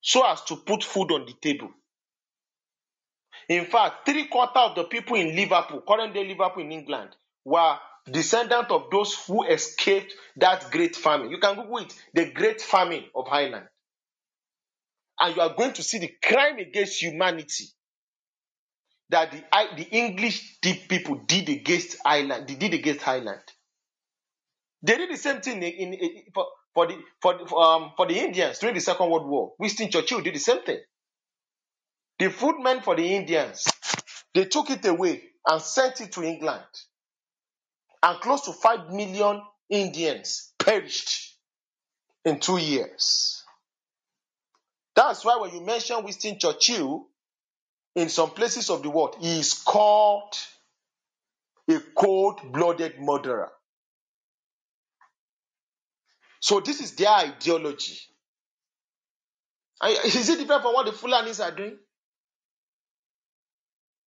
so as to put food on the table. In fact, three quarters of the people in Liverpool, current day Liverpool in England, were descendants of those who escaped that great famine. You can Google it, the great famine of Highland. And you are going to see the crime against humanity that the, the English deep people did against Ireland, they did against Ireland. They did the same thing in, in, in for, for, the for, for, um, for the Indians during the Second World War. Winston Churchill did the same thing. The food meant for the Indians, they took it away and sent it to England. And close to 5 million Indians perished in two years. That's why when you mention Winston Churchill, in some places of the world, he is called a cold blooded murderer. So, this is their ideology. Is it different from what the Fulanis are doing?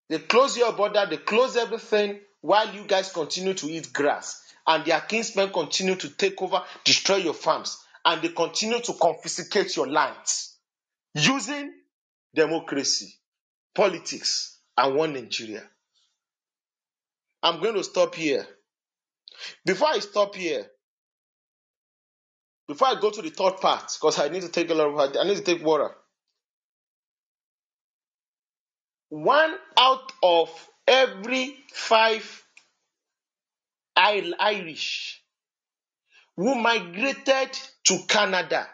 They close your border, they close everything while you guys continue to eat grass. And their kinsmen continue to take over, destroy your farms, and they continue to confiscate your lands using democracy politics, and one Nigeria. I'm going to stop here. Before I stop here, before I go to the third part, because I need to take a lot of I need to take water. One out of every five Irish who migrated to Canada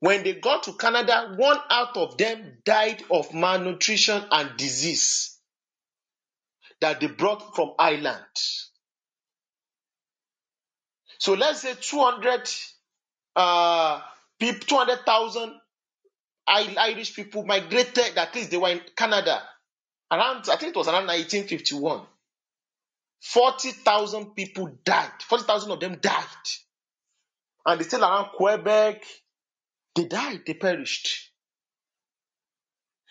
when they got to Canada, one out of them died of malnutrition and disease that they brought from Ireland. So let's say 200 uh, people, 200,000 Irish people migrated, at least they were in Canada. Around, I think it was around 1951. 40,000 people died. 40,000 of them died. And they still around Quebec, they died, they perished.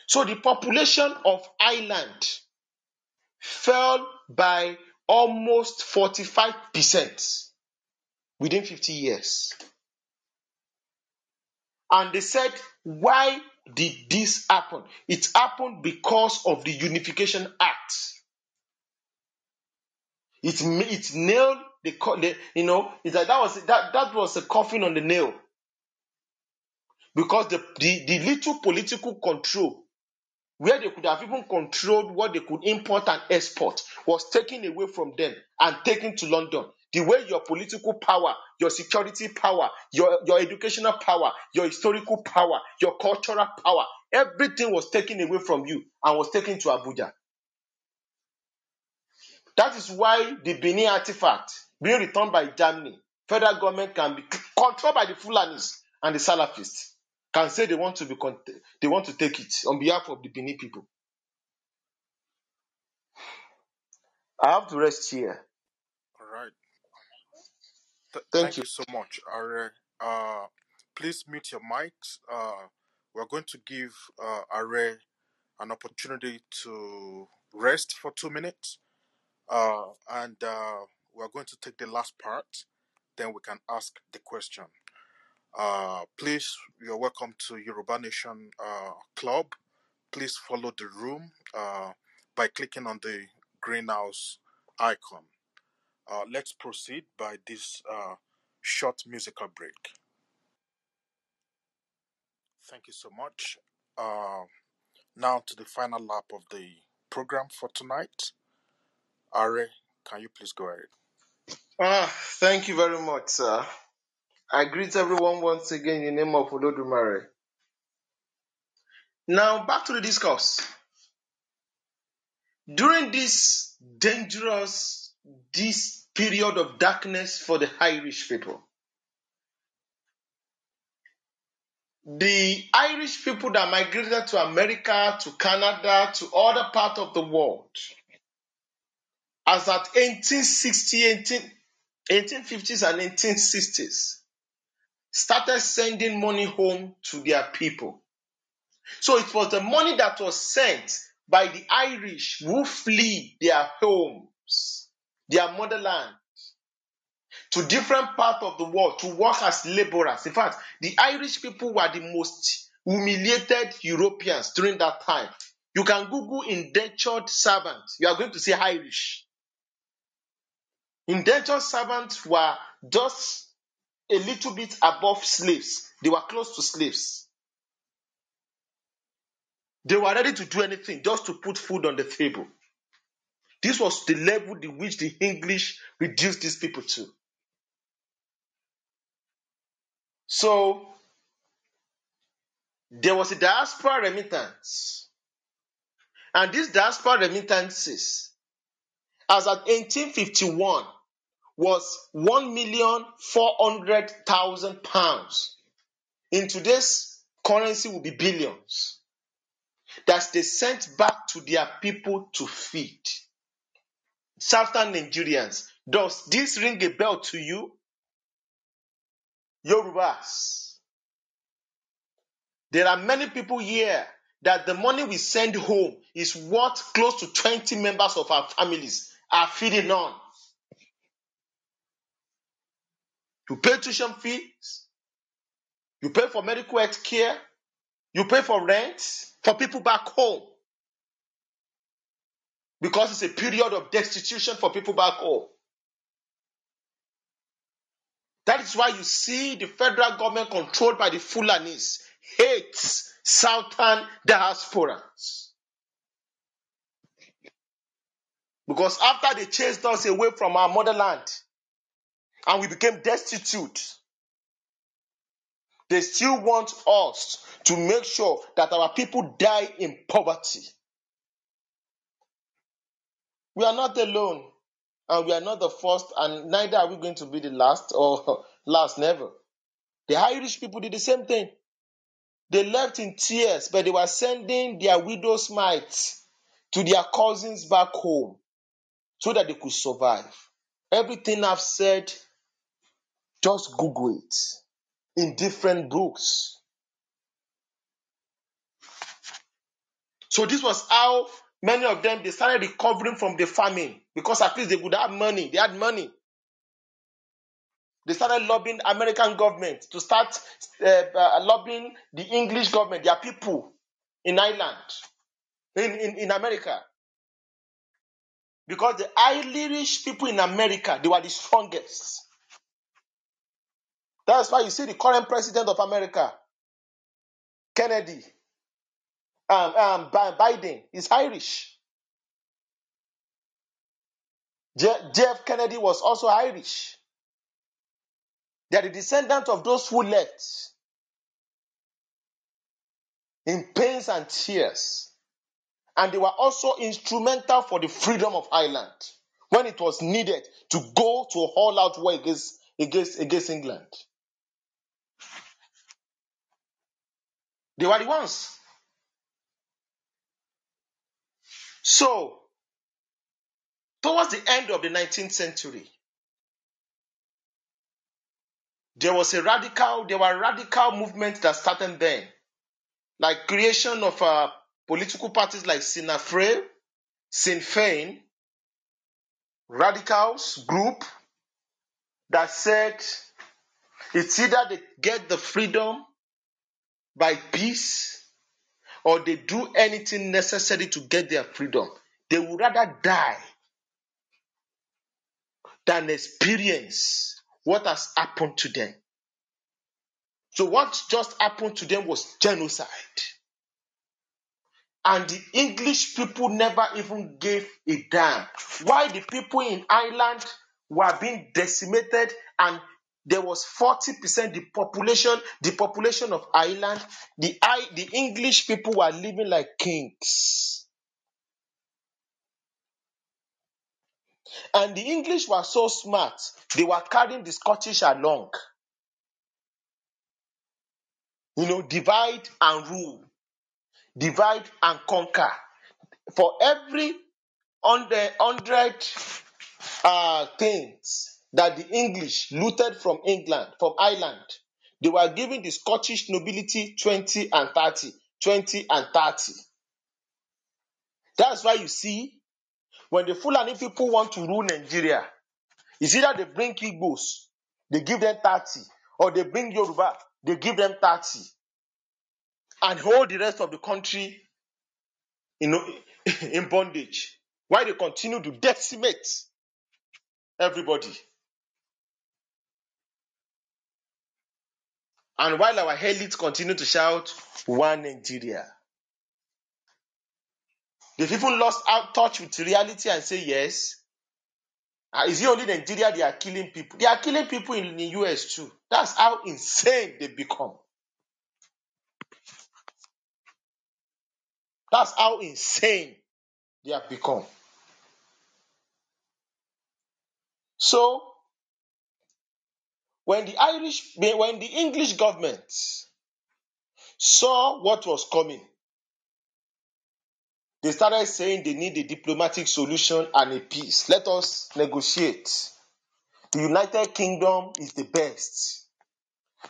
So the population of Ireland fell by almost 45% within 50 years. And they said, why did this happen? It happened because of the Unification Act. It, it nailed the, the you know, it's like that was that that was a coffin on the nail. Because the, the, the little political control where they could have even controlled what they could import and export was taken away from them and taken to London. The way your political power, your security power, your, your educational power, your historical power, your cultural power, everything was taken away from you and was taken to Abuja. That is why the Benin artifact being returned by Germany, federal government can be controlled by the Fulanis and the Salafists can say they want to be con- they want to take it on behalf of the Benin people. I have to rest here. All right. Th- thank, thank you. you. so much, Are. Uh, please mute your mics. Uh, we're going to give uh, Are an opportunity to rest for two minutes, uh, and uh, we're going to take the last part. Then we can ask the question. Uh, please, you're welcome to Yoruba Nation uh, Club. Please follow the room uh, by clicking on the greenhouse icon. Uh, let's proceed by this uh, short musical break. Thank you so much. now to the final lap of the program for tonight. Ari, can you please go ahead? Ah, thank you very much, sir. I greet everyone once again in the name of Olodumare. Now, back to the discourse. During this dangerous, this period of darkness for the Irish people, the Irish people that migrated to America, to Canada, to other parts of the world, as at 1860, 18, 1850s and 1860s, started sending money home to their people. So it was the money that was sent by the Irish who flee their homes, their motherland, to different parts of the world to work as laborers. In fact, the Irish people were the most humiliated Europeans during that time. You can Google indentured servants. You are going to see Irish. Indentured servants were just a little bit above slaves. They were close to slaves. They were ready to do anything just to put food on the table. This was the level to which the English reduced these people to. So there was a diaspora remittance. And these diaspora remittances, as at 1851, was 1,400,000 pounds. In today's currency will be billions that they sent back to their people to feed. Southern Nigerians, does this ring a bell to you? Yorubas. There are many people here that the money we send home is what close to 20 members of our families are feeding on. You pay tuition fees. You pay for medical health care. You pay for rent for people back home. Because it's a period of destitution for people back home. That is why you see the federal government controlled by the Fulanis hates southern diasporans. Because after they chased us away from our motherland, and we became destitute. They still want us to make sure that our people die in poverty. We are not alone, and we are not the first, and neither are we going to be the last or [laughs] last never. The Irish people did the same thing. They left in tears, but they were sending their widow's mites to their cousins back home so that they could survive. Everything I've said just Google it in different books. So this was how many of them they started recovering from the famine because at least they would have money. They had money. They started lobbying American government to start uh, uh lobbying the English government, their people in Ireland, in, in, in America. Because the Irish people in America, they were the strongest. That's why you see the current president of America, Kennedy, um, um, Biden, is Irish. Jeff Kennedy was also Irish. They are the descendants of those who left in pains and tears. And they were also instrumental for the freedom of Ireland when it was needed to go to a all out war against, against, against England. They were the ones. So, towards the end of the 19th century, there was a radical, there were radical movements that started then, like creation of uh, political parties like Sinafre, Sinn Fein, radicals group that said it's either they get the freedom by peace or they do anything necessary to get their freedom. They would rather die than experience what has happened to them. So, what just happened to them was genocide. And the English people never even gave a damn. Why the people in Ireland were being decimated and there was 40% the population the population of ireland the I, the english people were living like kings and the english were so smart they were carrying the scottish along you know divide and rule divide and conquer for every 100 uh, things that the English looted from England, from Ireland. They were giving the Scottish nobility 20 and 30. 20 and 30. That's why you see, when the Fulani people want to rule Nigeria, it's either they bring Igbos, they give them 30, or they bring Yoruba, they give them 30, and hold the rest of the country in, [laughs] in bondage. Why they continue to decimate everybody. And while our elites continue to shout, One Nigeria. They've even lost out touch with reality and say, Yes. Uh, is it only Nigeria they are killing people? They are killing people in the US too. That's how insane they become. That's how insane they have become. So, When the Irish, when the English government saw what was coming, they started saying they need a diplomatic solution and a peace. Let us negotiate. The United Kingdom is the best.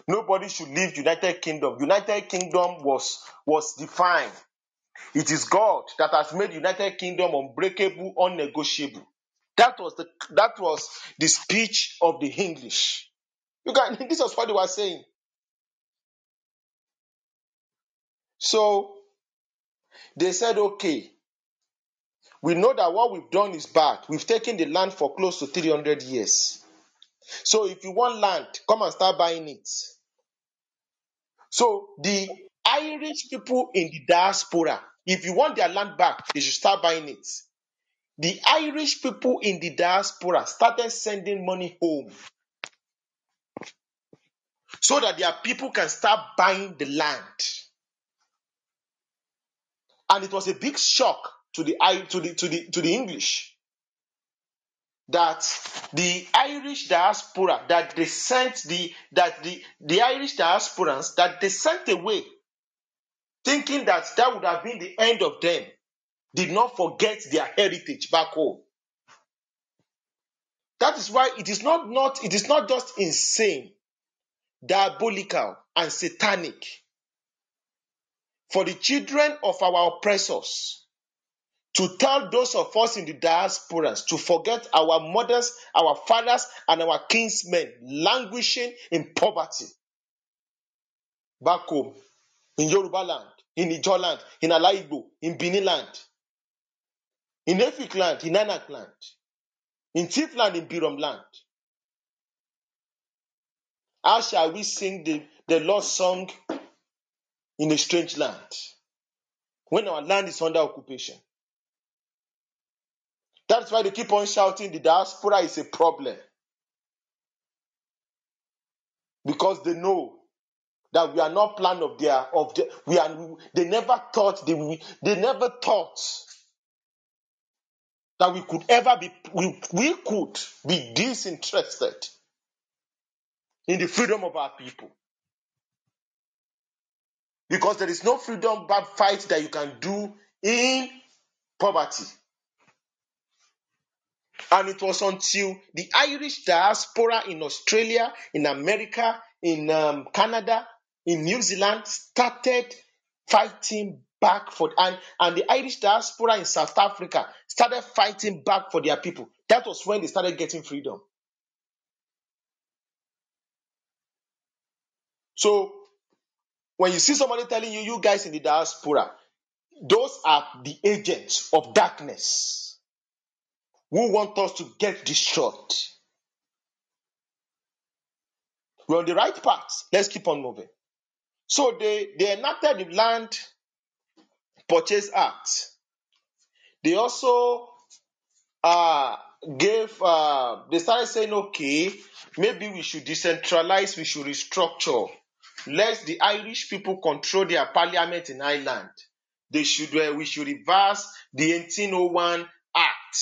Nobody should leave United Kingdom. United Kingdom was, was defined. It is God that has made United Kingdom unbreakable, unnegotiable. That was the that was the speech of the English. You can, [laughs] this is what they were saying. So they said, okay, we know that what we've done is bad. We've taken the land for close to 300 years. So if you want land, come and start buying it. So the Irish people in the diaspora, if you want their land back, they should start buying it. The Irish people in the diaspora started sending money home so that their people can start buying the land. And it was a big shock to the to the to the to the English that the Irish diaspora that they sent the that the, the Irish diasporans that they sent away, thinking that that would have been the end of them, did not forget their heritage back home. That is why it is not, not it is not just insane diabolical, and satanic for the children of our oppressors to tell those of us in the diasporas to forget our mothers, our fathers, and our kinsmen languishing in poverty. Back home, in Yoruba land, in Ijo land, in Alaibo, in Bini land, in Efik land, in Anak land, in Tif land, in Birom land. How shall we sing the, the Lord's song in a strange land when our land is under occupation? That's why they keep on shouting the diaspora is a problem. Because they know that we are not planned of their of the, we are they never thought they we, they never thought that we could ever be we, we could be disinterested in the freedom of our people. Because there is no freedom but fight that you can do in poverty. And it was until the Irish diaspora in Australia, in America, in um, Canada, in New Zealand started fighting back for and, and the Irish diaspora in South Africa started fighting back for their people. That was when they started getting freedom. So when you see somebody telling you, you guys in the diaspora, those are the agents of darkness who want us to get destroyed. We're on the right path. Let's keep on moving. So they, they enacted the Land Purchase Act. They also uh, gave, uh, they started saying, okay, maybe we should decentralize, we should restructure lest the Irish people control their parliament in Ireland. They should, uh, we should reverse the 1801 Act.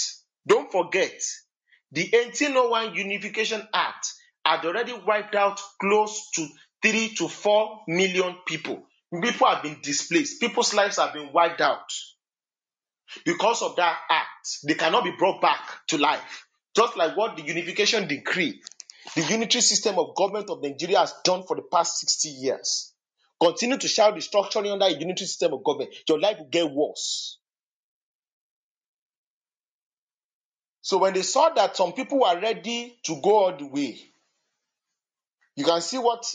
Don't forget, the 1801 Unification Act had already wiped out close to three to four million people. People have been displaced. People's lives have been wiped out. Because of that act, they cannot be brought back to life. Just like what the Unification Decree the unitary system of government of Nigeria has done for the past 60 years. Continue to shout restructuring under a unitary system of government, your life will get worse. So when they saw that some people were ready to go all the way, you can see what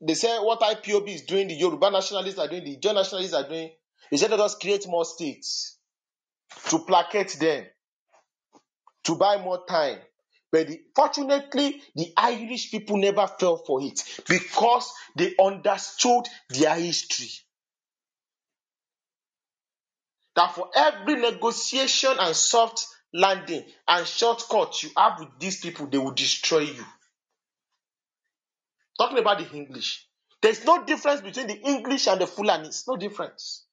they say what IPOB is doing, the Yoruba nationalists are doing, the John nationalists are doing. They said let us create more states to placate them, to buy more time, but the, fortunately, the Irish people never fell for it because they understood their history. That for every negotiation and soft landing and shortcut you have with these people, they will destroy you. Talking about the English, there's no difference between the English and the Fulani. It's no difference.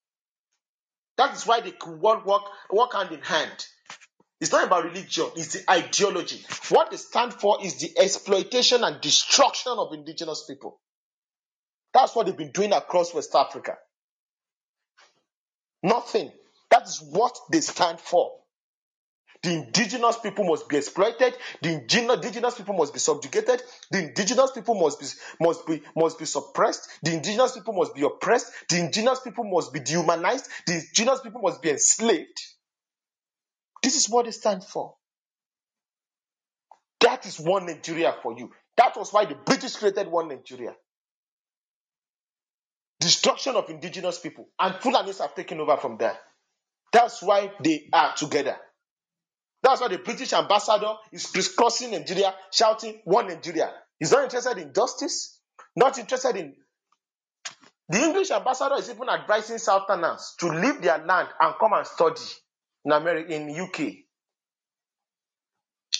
That is why they could work, work, work hand in hand. It's not about religion, it's the ideology. What they stand for is the exploitation and destruction of indigenous people. That's what they've been doing across West Africa. Nothing. That is what they stand for. The indigenous people must be exploited. The indigenous people must be subjugated. The indigenous people must be, must be, must be suppressed. The indigenous people must be oppressed. The indigenous people must be dehumanized. The indigenous people must be enslaved. This is what they stand for. That is one Nigeria for you. That was why the British created one Nigeria. Destruction of indigenous people. And Fulanis have taken over from there. That's why they are together. That's why the British ambassador is crisscrossing Nigeria, shouting, One Nigeria. He's not interested in justice, not interested in. The English ambassador is even advising Southerners to leave their land and come and study in America, in UK.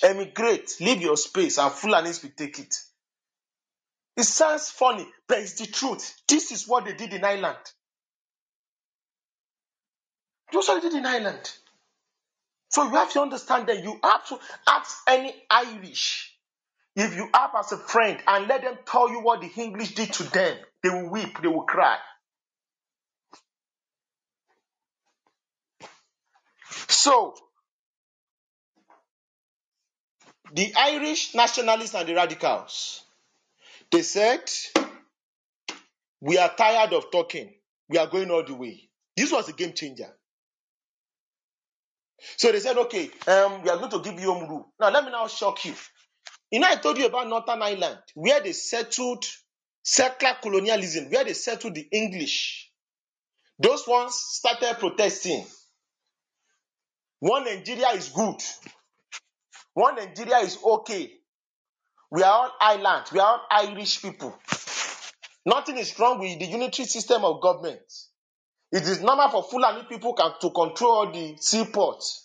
Emigrate, leave your space, and Fulanis will take it. It sounds funny, but it's the truth. This is what they did in Ireland. You what they in Ireland. So you have to understand that you have to ask any Irish if you have as a friend and let them tell you what the English did to them. They will weep, they will cry. So, the Irish nationalists and the radicals, they said, We are tired of talking. We are going all the way. This was a game changer. So they said, Okay, um, we are going to give you home rule. Now, let me now shock you. You know, I told you about Northern Ireland, where they settled settler colonialism, where they settled the English. Those ones started protesting One Nigeria is good. One Nigeria is okay. We are all island. We are all Irish people. Nothing is wrong with the unitary system of government. It is normal for Fulani people can, to control the seaports.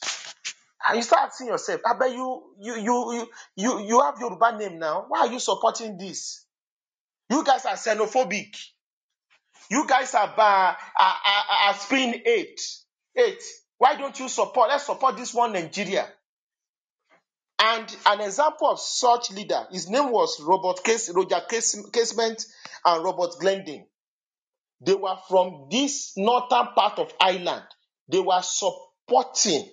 And you start asking yourself, I bet you, you, you, you, you, you have Yoruba name now. Why are you supporting this? You guys are xenophobic. You guys are, by, are, are, are spin eight. Eight. Why don't you support? Let's support this one Nigeria. And an example of such leader, his name was Robert Case, Roger Case, Casement and Robert Glendin. They were from this northern part of Ireland. They were supporting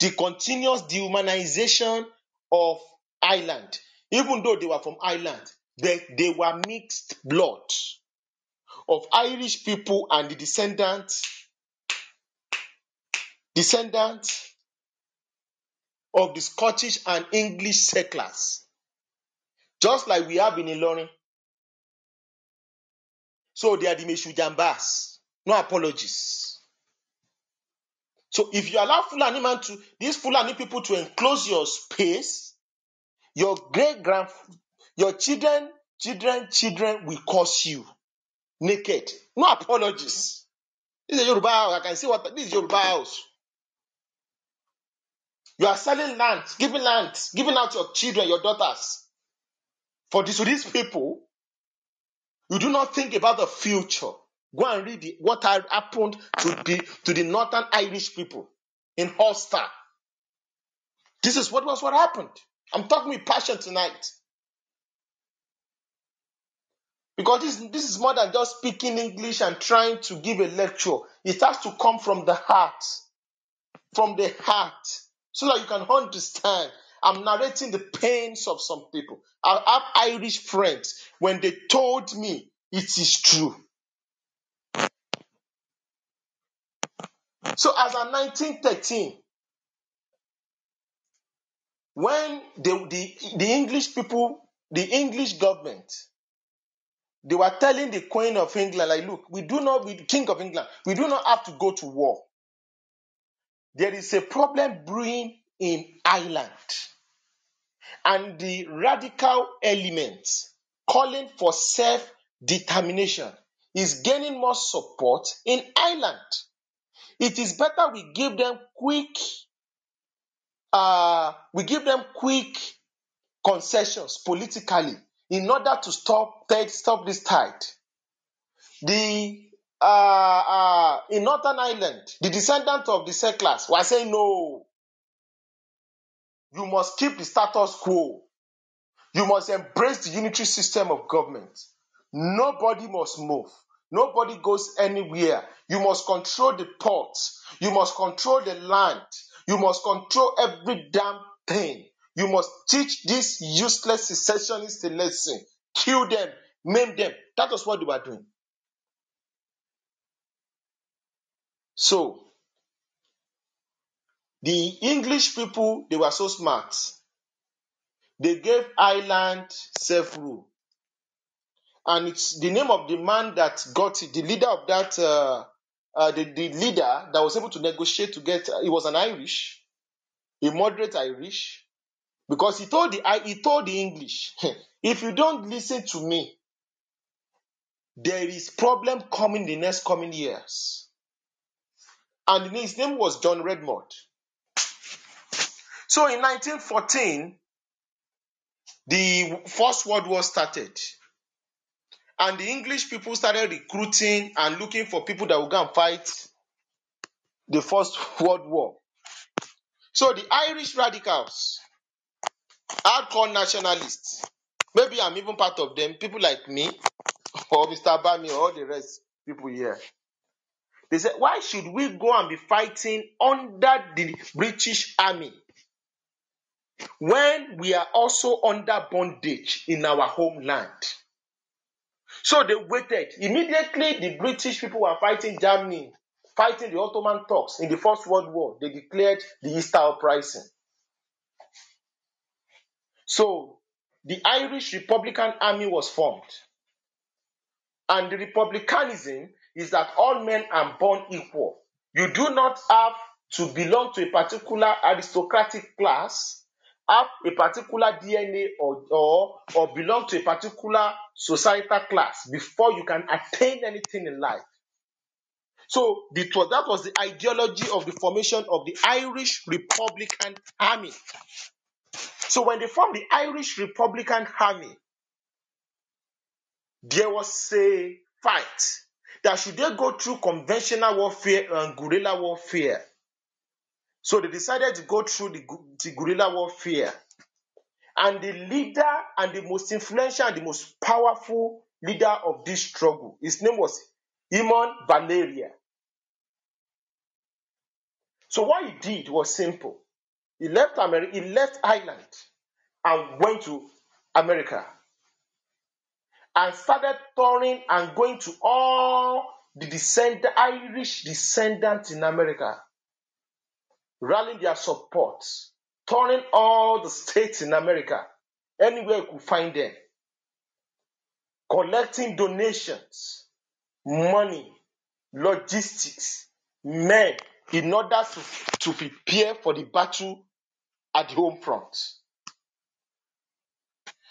the continuous dehumanization of Ireland. Even though they were from Ireland, they, they were mixed blood of Irish people and the descendants Descendants of the Scottish and English settlers, just like we have in Ilorin. So they are the Meshujambas. No apologies. So if you allow Fulani man to, these Fulani people to enclose your space, your great grand, your children, children, children will curse you naked. No apologies. This is Yoruba house. I can see what this is Yoruba house. You are selling land, giving land, giving out your children, your daughters. For this, to these people, you do not think about the future. Go and read the, what happened to the, to the northern Irish people in Ulster. This is what was what happened. I'm talking with passion tonight. Because this, this is more than just speaking English and trying to give a lecture. It has to come from the heart. From the heart so that you can understand. I'm narrating the pains of some people. I have Irish friends. When they told me it is true. So, as in 1913, when the, the, the English people, the English government, they were telling the Queen of England, like, look, we do not, we, King of England, we do not have to go to war there is a problem brewing in Ireland. And the radical element calling for self determination is gaining more support in Ireland. It is better we give them quick, uh, we give them quick concessions politically in order to stop stop this tide. The uh, uh, in Northern Ireland, the descendants of the settlers were saying, no, you must keep the status quo. You must embrace the unitary system of government. Nobody must move. Nobody goes anywhere. You must control the ports. You must control the land. You must control every damn thing. You must teach these useless secessionists a lesson. Kill them, maim them. That was what they were doing. So, the English people, they were so smart. They gave Ireland self rule. And it's the name of the man that got it, the leader of that, uh, uh, the, the leader that was able to negotiate to get, uh, he was an Irish, a moderate Irish, because he told the, he told the English, if you don't listen to me, there is problem coming the next coming years and his name was John Redmond. So in 1914, the First World War started. And the English people started recruiting and looking for people that would go and fight the First [laughs] World War. So the Irish radicals, hardcore nationalists, maybe I'm even part of them, people like me, or Mr. Bami, or all the rest people here, they said, Why should we go and be fighting under the British army when we are also under bondage in our homeland? So they waited. Immediately, the British people were fighting Germany, fighting the Ottoman Turks in the First World War. They declared the Easter Uprising. So the Irish Republican Army was formed. And the republicanism is that all men are born equal. You do not have to belong to a particular aristocratic class, have a particular DNA, or, or, or belong to a particular societal class before you can attain anything in life. So the, that was the ideology of the formation of the Irish Republican Army. So when they formed the Irish Republican Army, there was a fight that should they go through conventional warfare and guerrilla warfare? So they decided to go through the, the guerrilla warfare. And the leader and the most influential and the most powerful leader of this struggle, his name was Iman Valeria. So what he did was simple. He left America, he left Ireland and went to America. and started touring and going to all the descend- Irish descendants in America, rallying their support, touring all the states in America, anywhere you could find them, collecting donations, money, logistics, men, in order to, to prepare for the battle at the home front.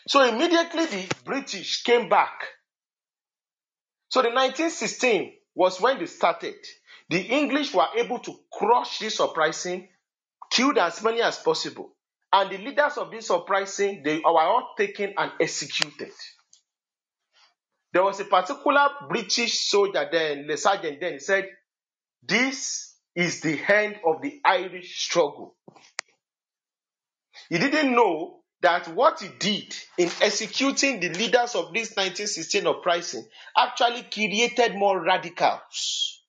So immediately the British came back. So the 1916 was when they started. The English were able to crush this uprising, killed as many as possible. And the leaders of this uprising, they were all taken and executed. There was a particular British soldier then, the sergeant then, said, This is the end of the Irish struggle. He didn't know that what he did in executing the leaders of this 1916 uprising actually created more radicals.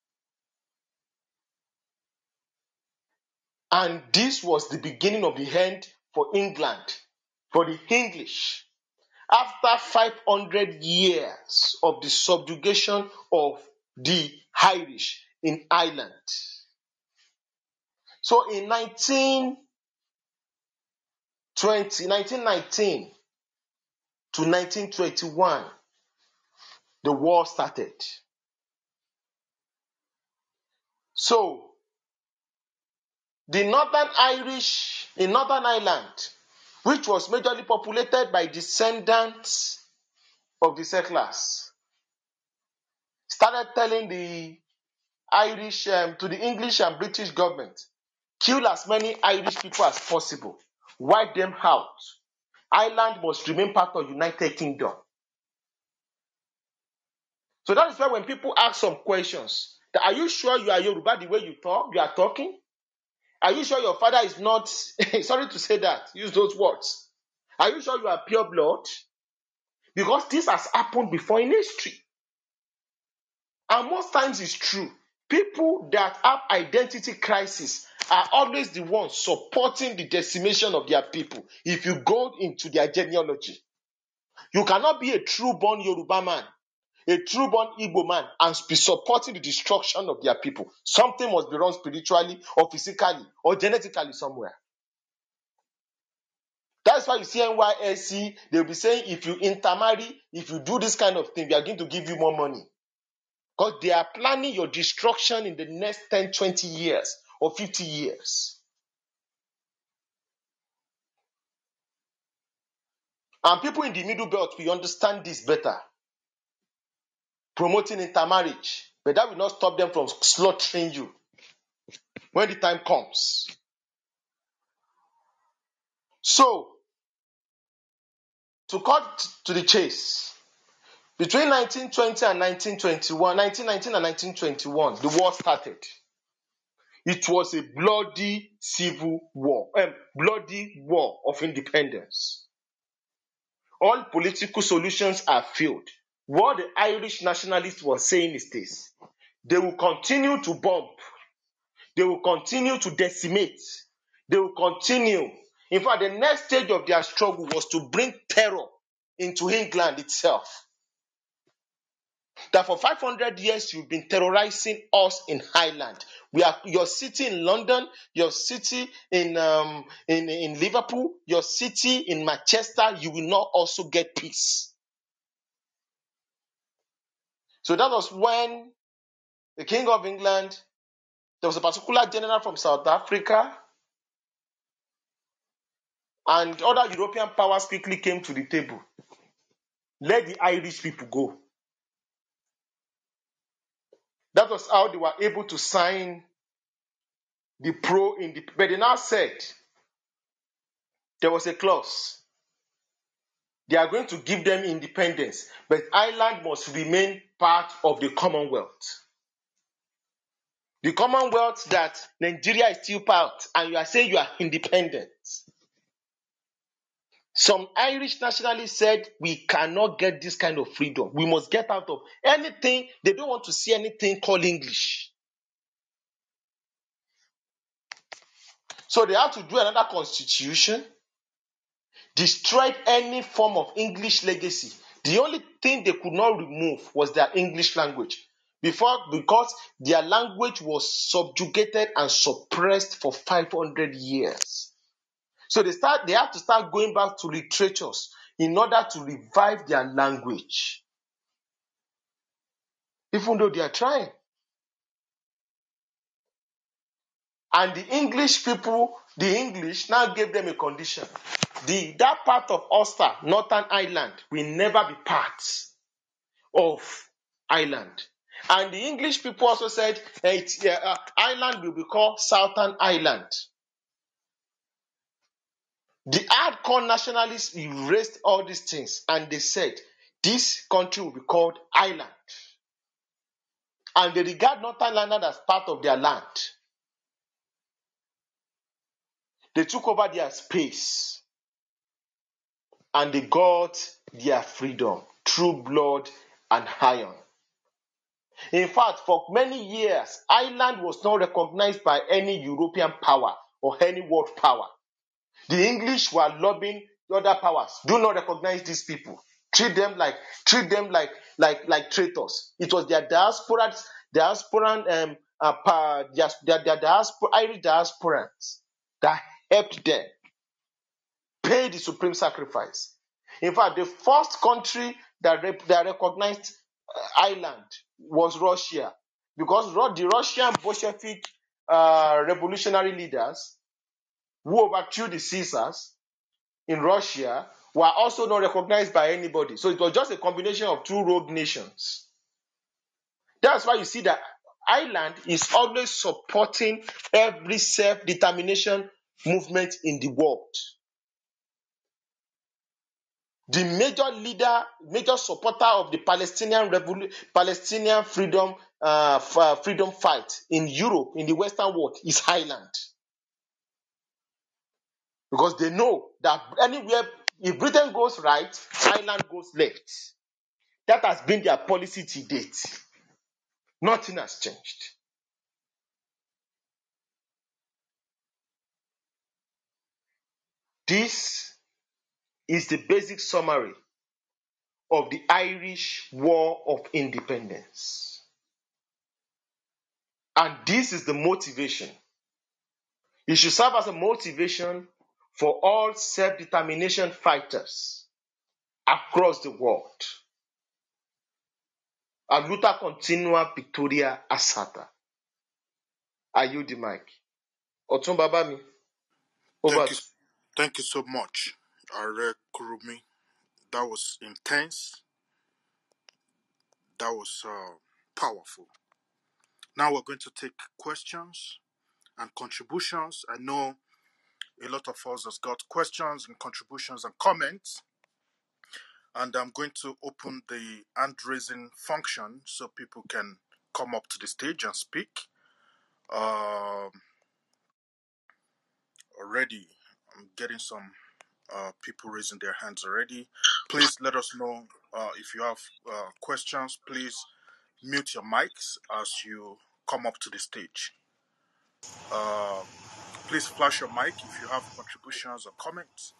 And this was the beginning of the end for England, for the English. After 500 years of the subjugation of the Irish in Ireland. So in 19 1919 to 1921, the war started. So, the Northern Irish in Northern Ireland, which was majorly populated by descendants of the settlers, started telling the Irish um, to the English and British government, kill as many Irish people as possible wipe them out. Ireland must remain part of United Kingdom. So that is why when people ask some questions, are you sure you are Yoruba the way you talk, you are talking? Are you sure your father is not [laughs] sorry to say that, use those words? Are you sure you are pure blood? Because this has happened before in history. And most times it's true. People that have identity crisis are always the ones supporting the decimation of their people. If you go into their genealogy, you cannot be a true born Yoruba man, a true born Igbo man, and be supporting the destruction of their people. Something must be wrong spiritually, or physically, or genetically somewhere. That's why you see NYSC, they'll be saying if you intermarry, if you do this kind of thing, we are going to give you more money. Because they are planning your destruction in the next 10, 20 years or 50 years. And people in the middle belt, we understand this better. Promoting intermarriage, but that will not stop them from slaughtering you when the time comes. So, to cut to the chase, between 1920 and 1921, 1919 and 1921, the war started. It was a bloody civil war, a um, bloody war of independence. All political solutions are failed. What the Irish nationalists were saying is this they will continue to bomb, they will continue to decimate, they will continue. In fact, the next stage of their struggle was to bring terror into England itself that for 500 years you've been terrorizing us in Highland. We are your city in London, your city in um, in in Liverpool, your city in Manchester. You will not also get peace. So that was when the King of England, there was a particular general from South Africa, and other European powers quickly came to the table. Let the Irish people go. That was how they were able to sign the pro in the. But they now said there was a clause. They are going to give them independence, but Ireland must remain part of the Commonwealth. The Commonwealth that Nigeria is still part, and you are saying you are independent. Some Irish nationalists said, We cannot get this kind of freedom. We must get out of anything. They don't want to see anything called English. So they had to do another constitution, destroy any form of English legacy. The only thing they could not remove was their English language. Before, because their language was subjugated and suppressed for 500 years. So they start they have to start going back to literatures in order to revive their language. Even though they are trying. And the English people, the English now gave them a condition. The, that part of Ulster, Northern Ireland, will never be part of Ireland. And the English people also said, hey, uh, Ireland will be called Southern Ireland. The hardcore nationalists erased all these things and they said, This country will be called Ireland. And they regard Northern Ireland as part of their land. They took over their space and they got their freedom through blood and iron. In fact, for many years, Ireland was not recognized by any European power or any world power. The English were lobbying the other powers. Do not recognize these people. Treat them like treat them like like like traitors. It was their diaspora diasporan um uh, their, their diaspora, Irish diasporans that helped them pay the supreme sacrifice. In fact, the first country that, rep- that recognized uh, Ireland was Russia because the Russian Bolshevik uh, revolutionary leaders who overthrew the Caesars in Russia were also not recognized by anybody. So it was just a combination of two rogue nations. That's why you see that Ireland is always supporting every self determination movement in the world. The major leader, major supporter of the Palestinian Revol- Palestinian freedom uh, f- uh, freedom fight in Europe, in the Western world, is Ireland. Because they know that anywhere, if Britain goes right, Ireland goes left. That has been their policy to date. Nothing has changed. This is the basic summary of the Irish War of Independence. And this is the motivation. It should serve as a motivation for all self determination fighters across the world. A luta continua Victoria Asata. Are you the mic? Otun Thank you, thank you so much, Are Kurumi. That was intense. That was uh, powerful. Now we're going to take questions and contributions. I know a lot of us has got questions and contributions and comments. And I'm going to open the hand raising function so people can come up to the stage and speak. Um, already, I'm getting some uh, people raising their hands already. Please let us know uh, if you have uh, questions. Please mute your mics as you come up to the stage. Um, Please flash your mic if you have contributions or comments.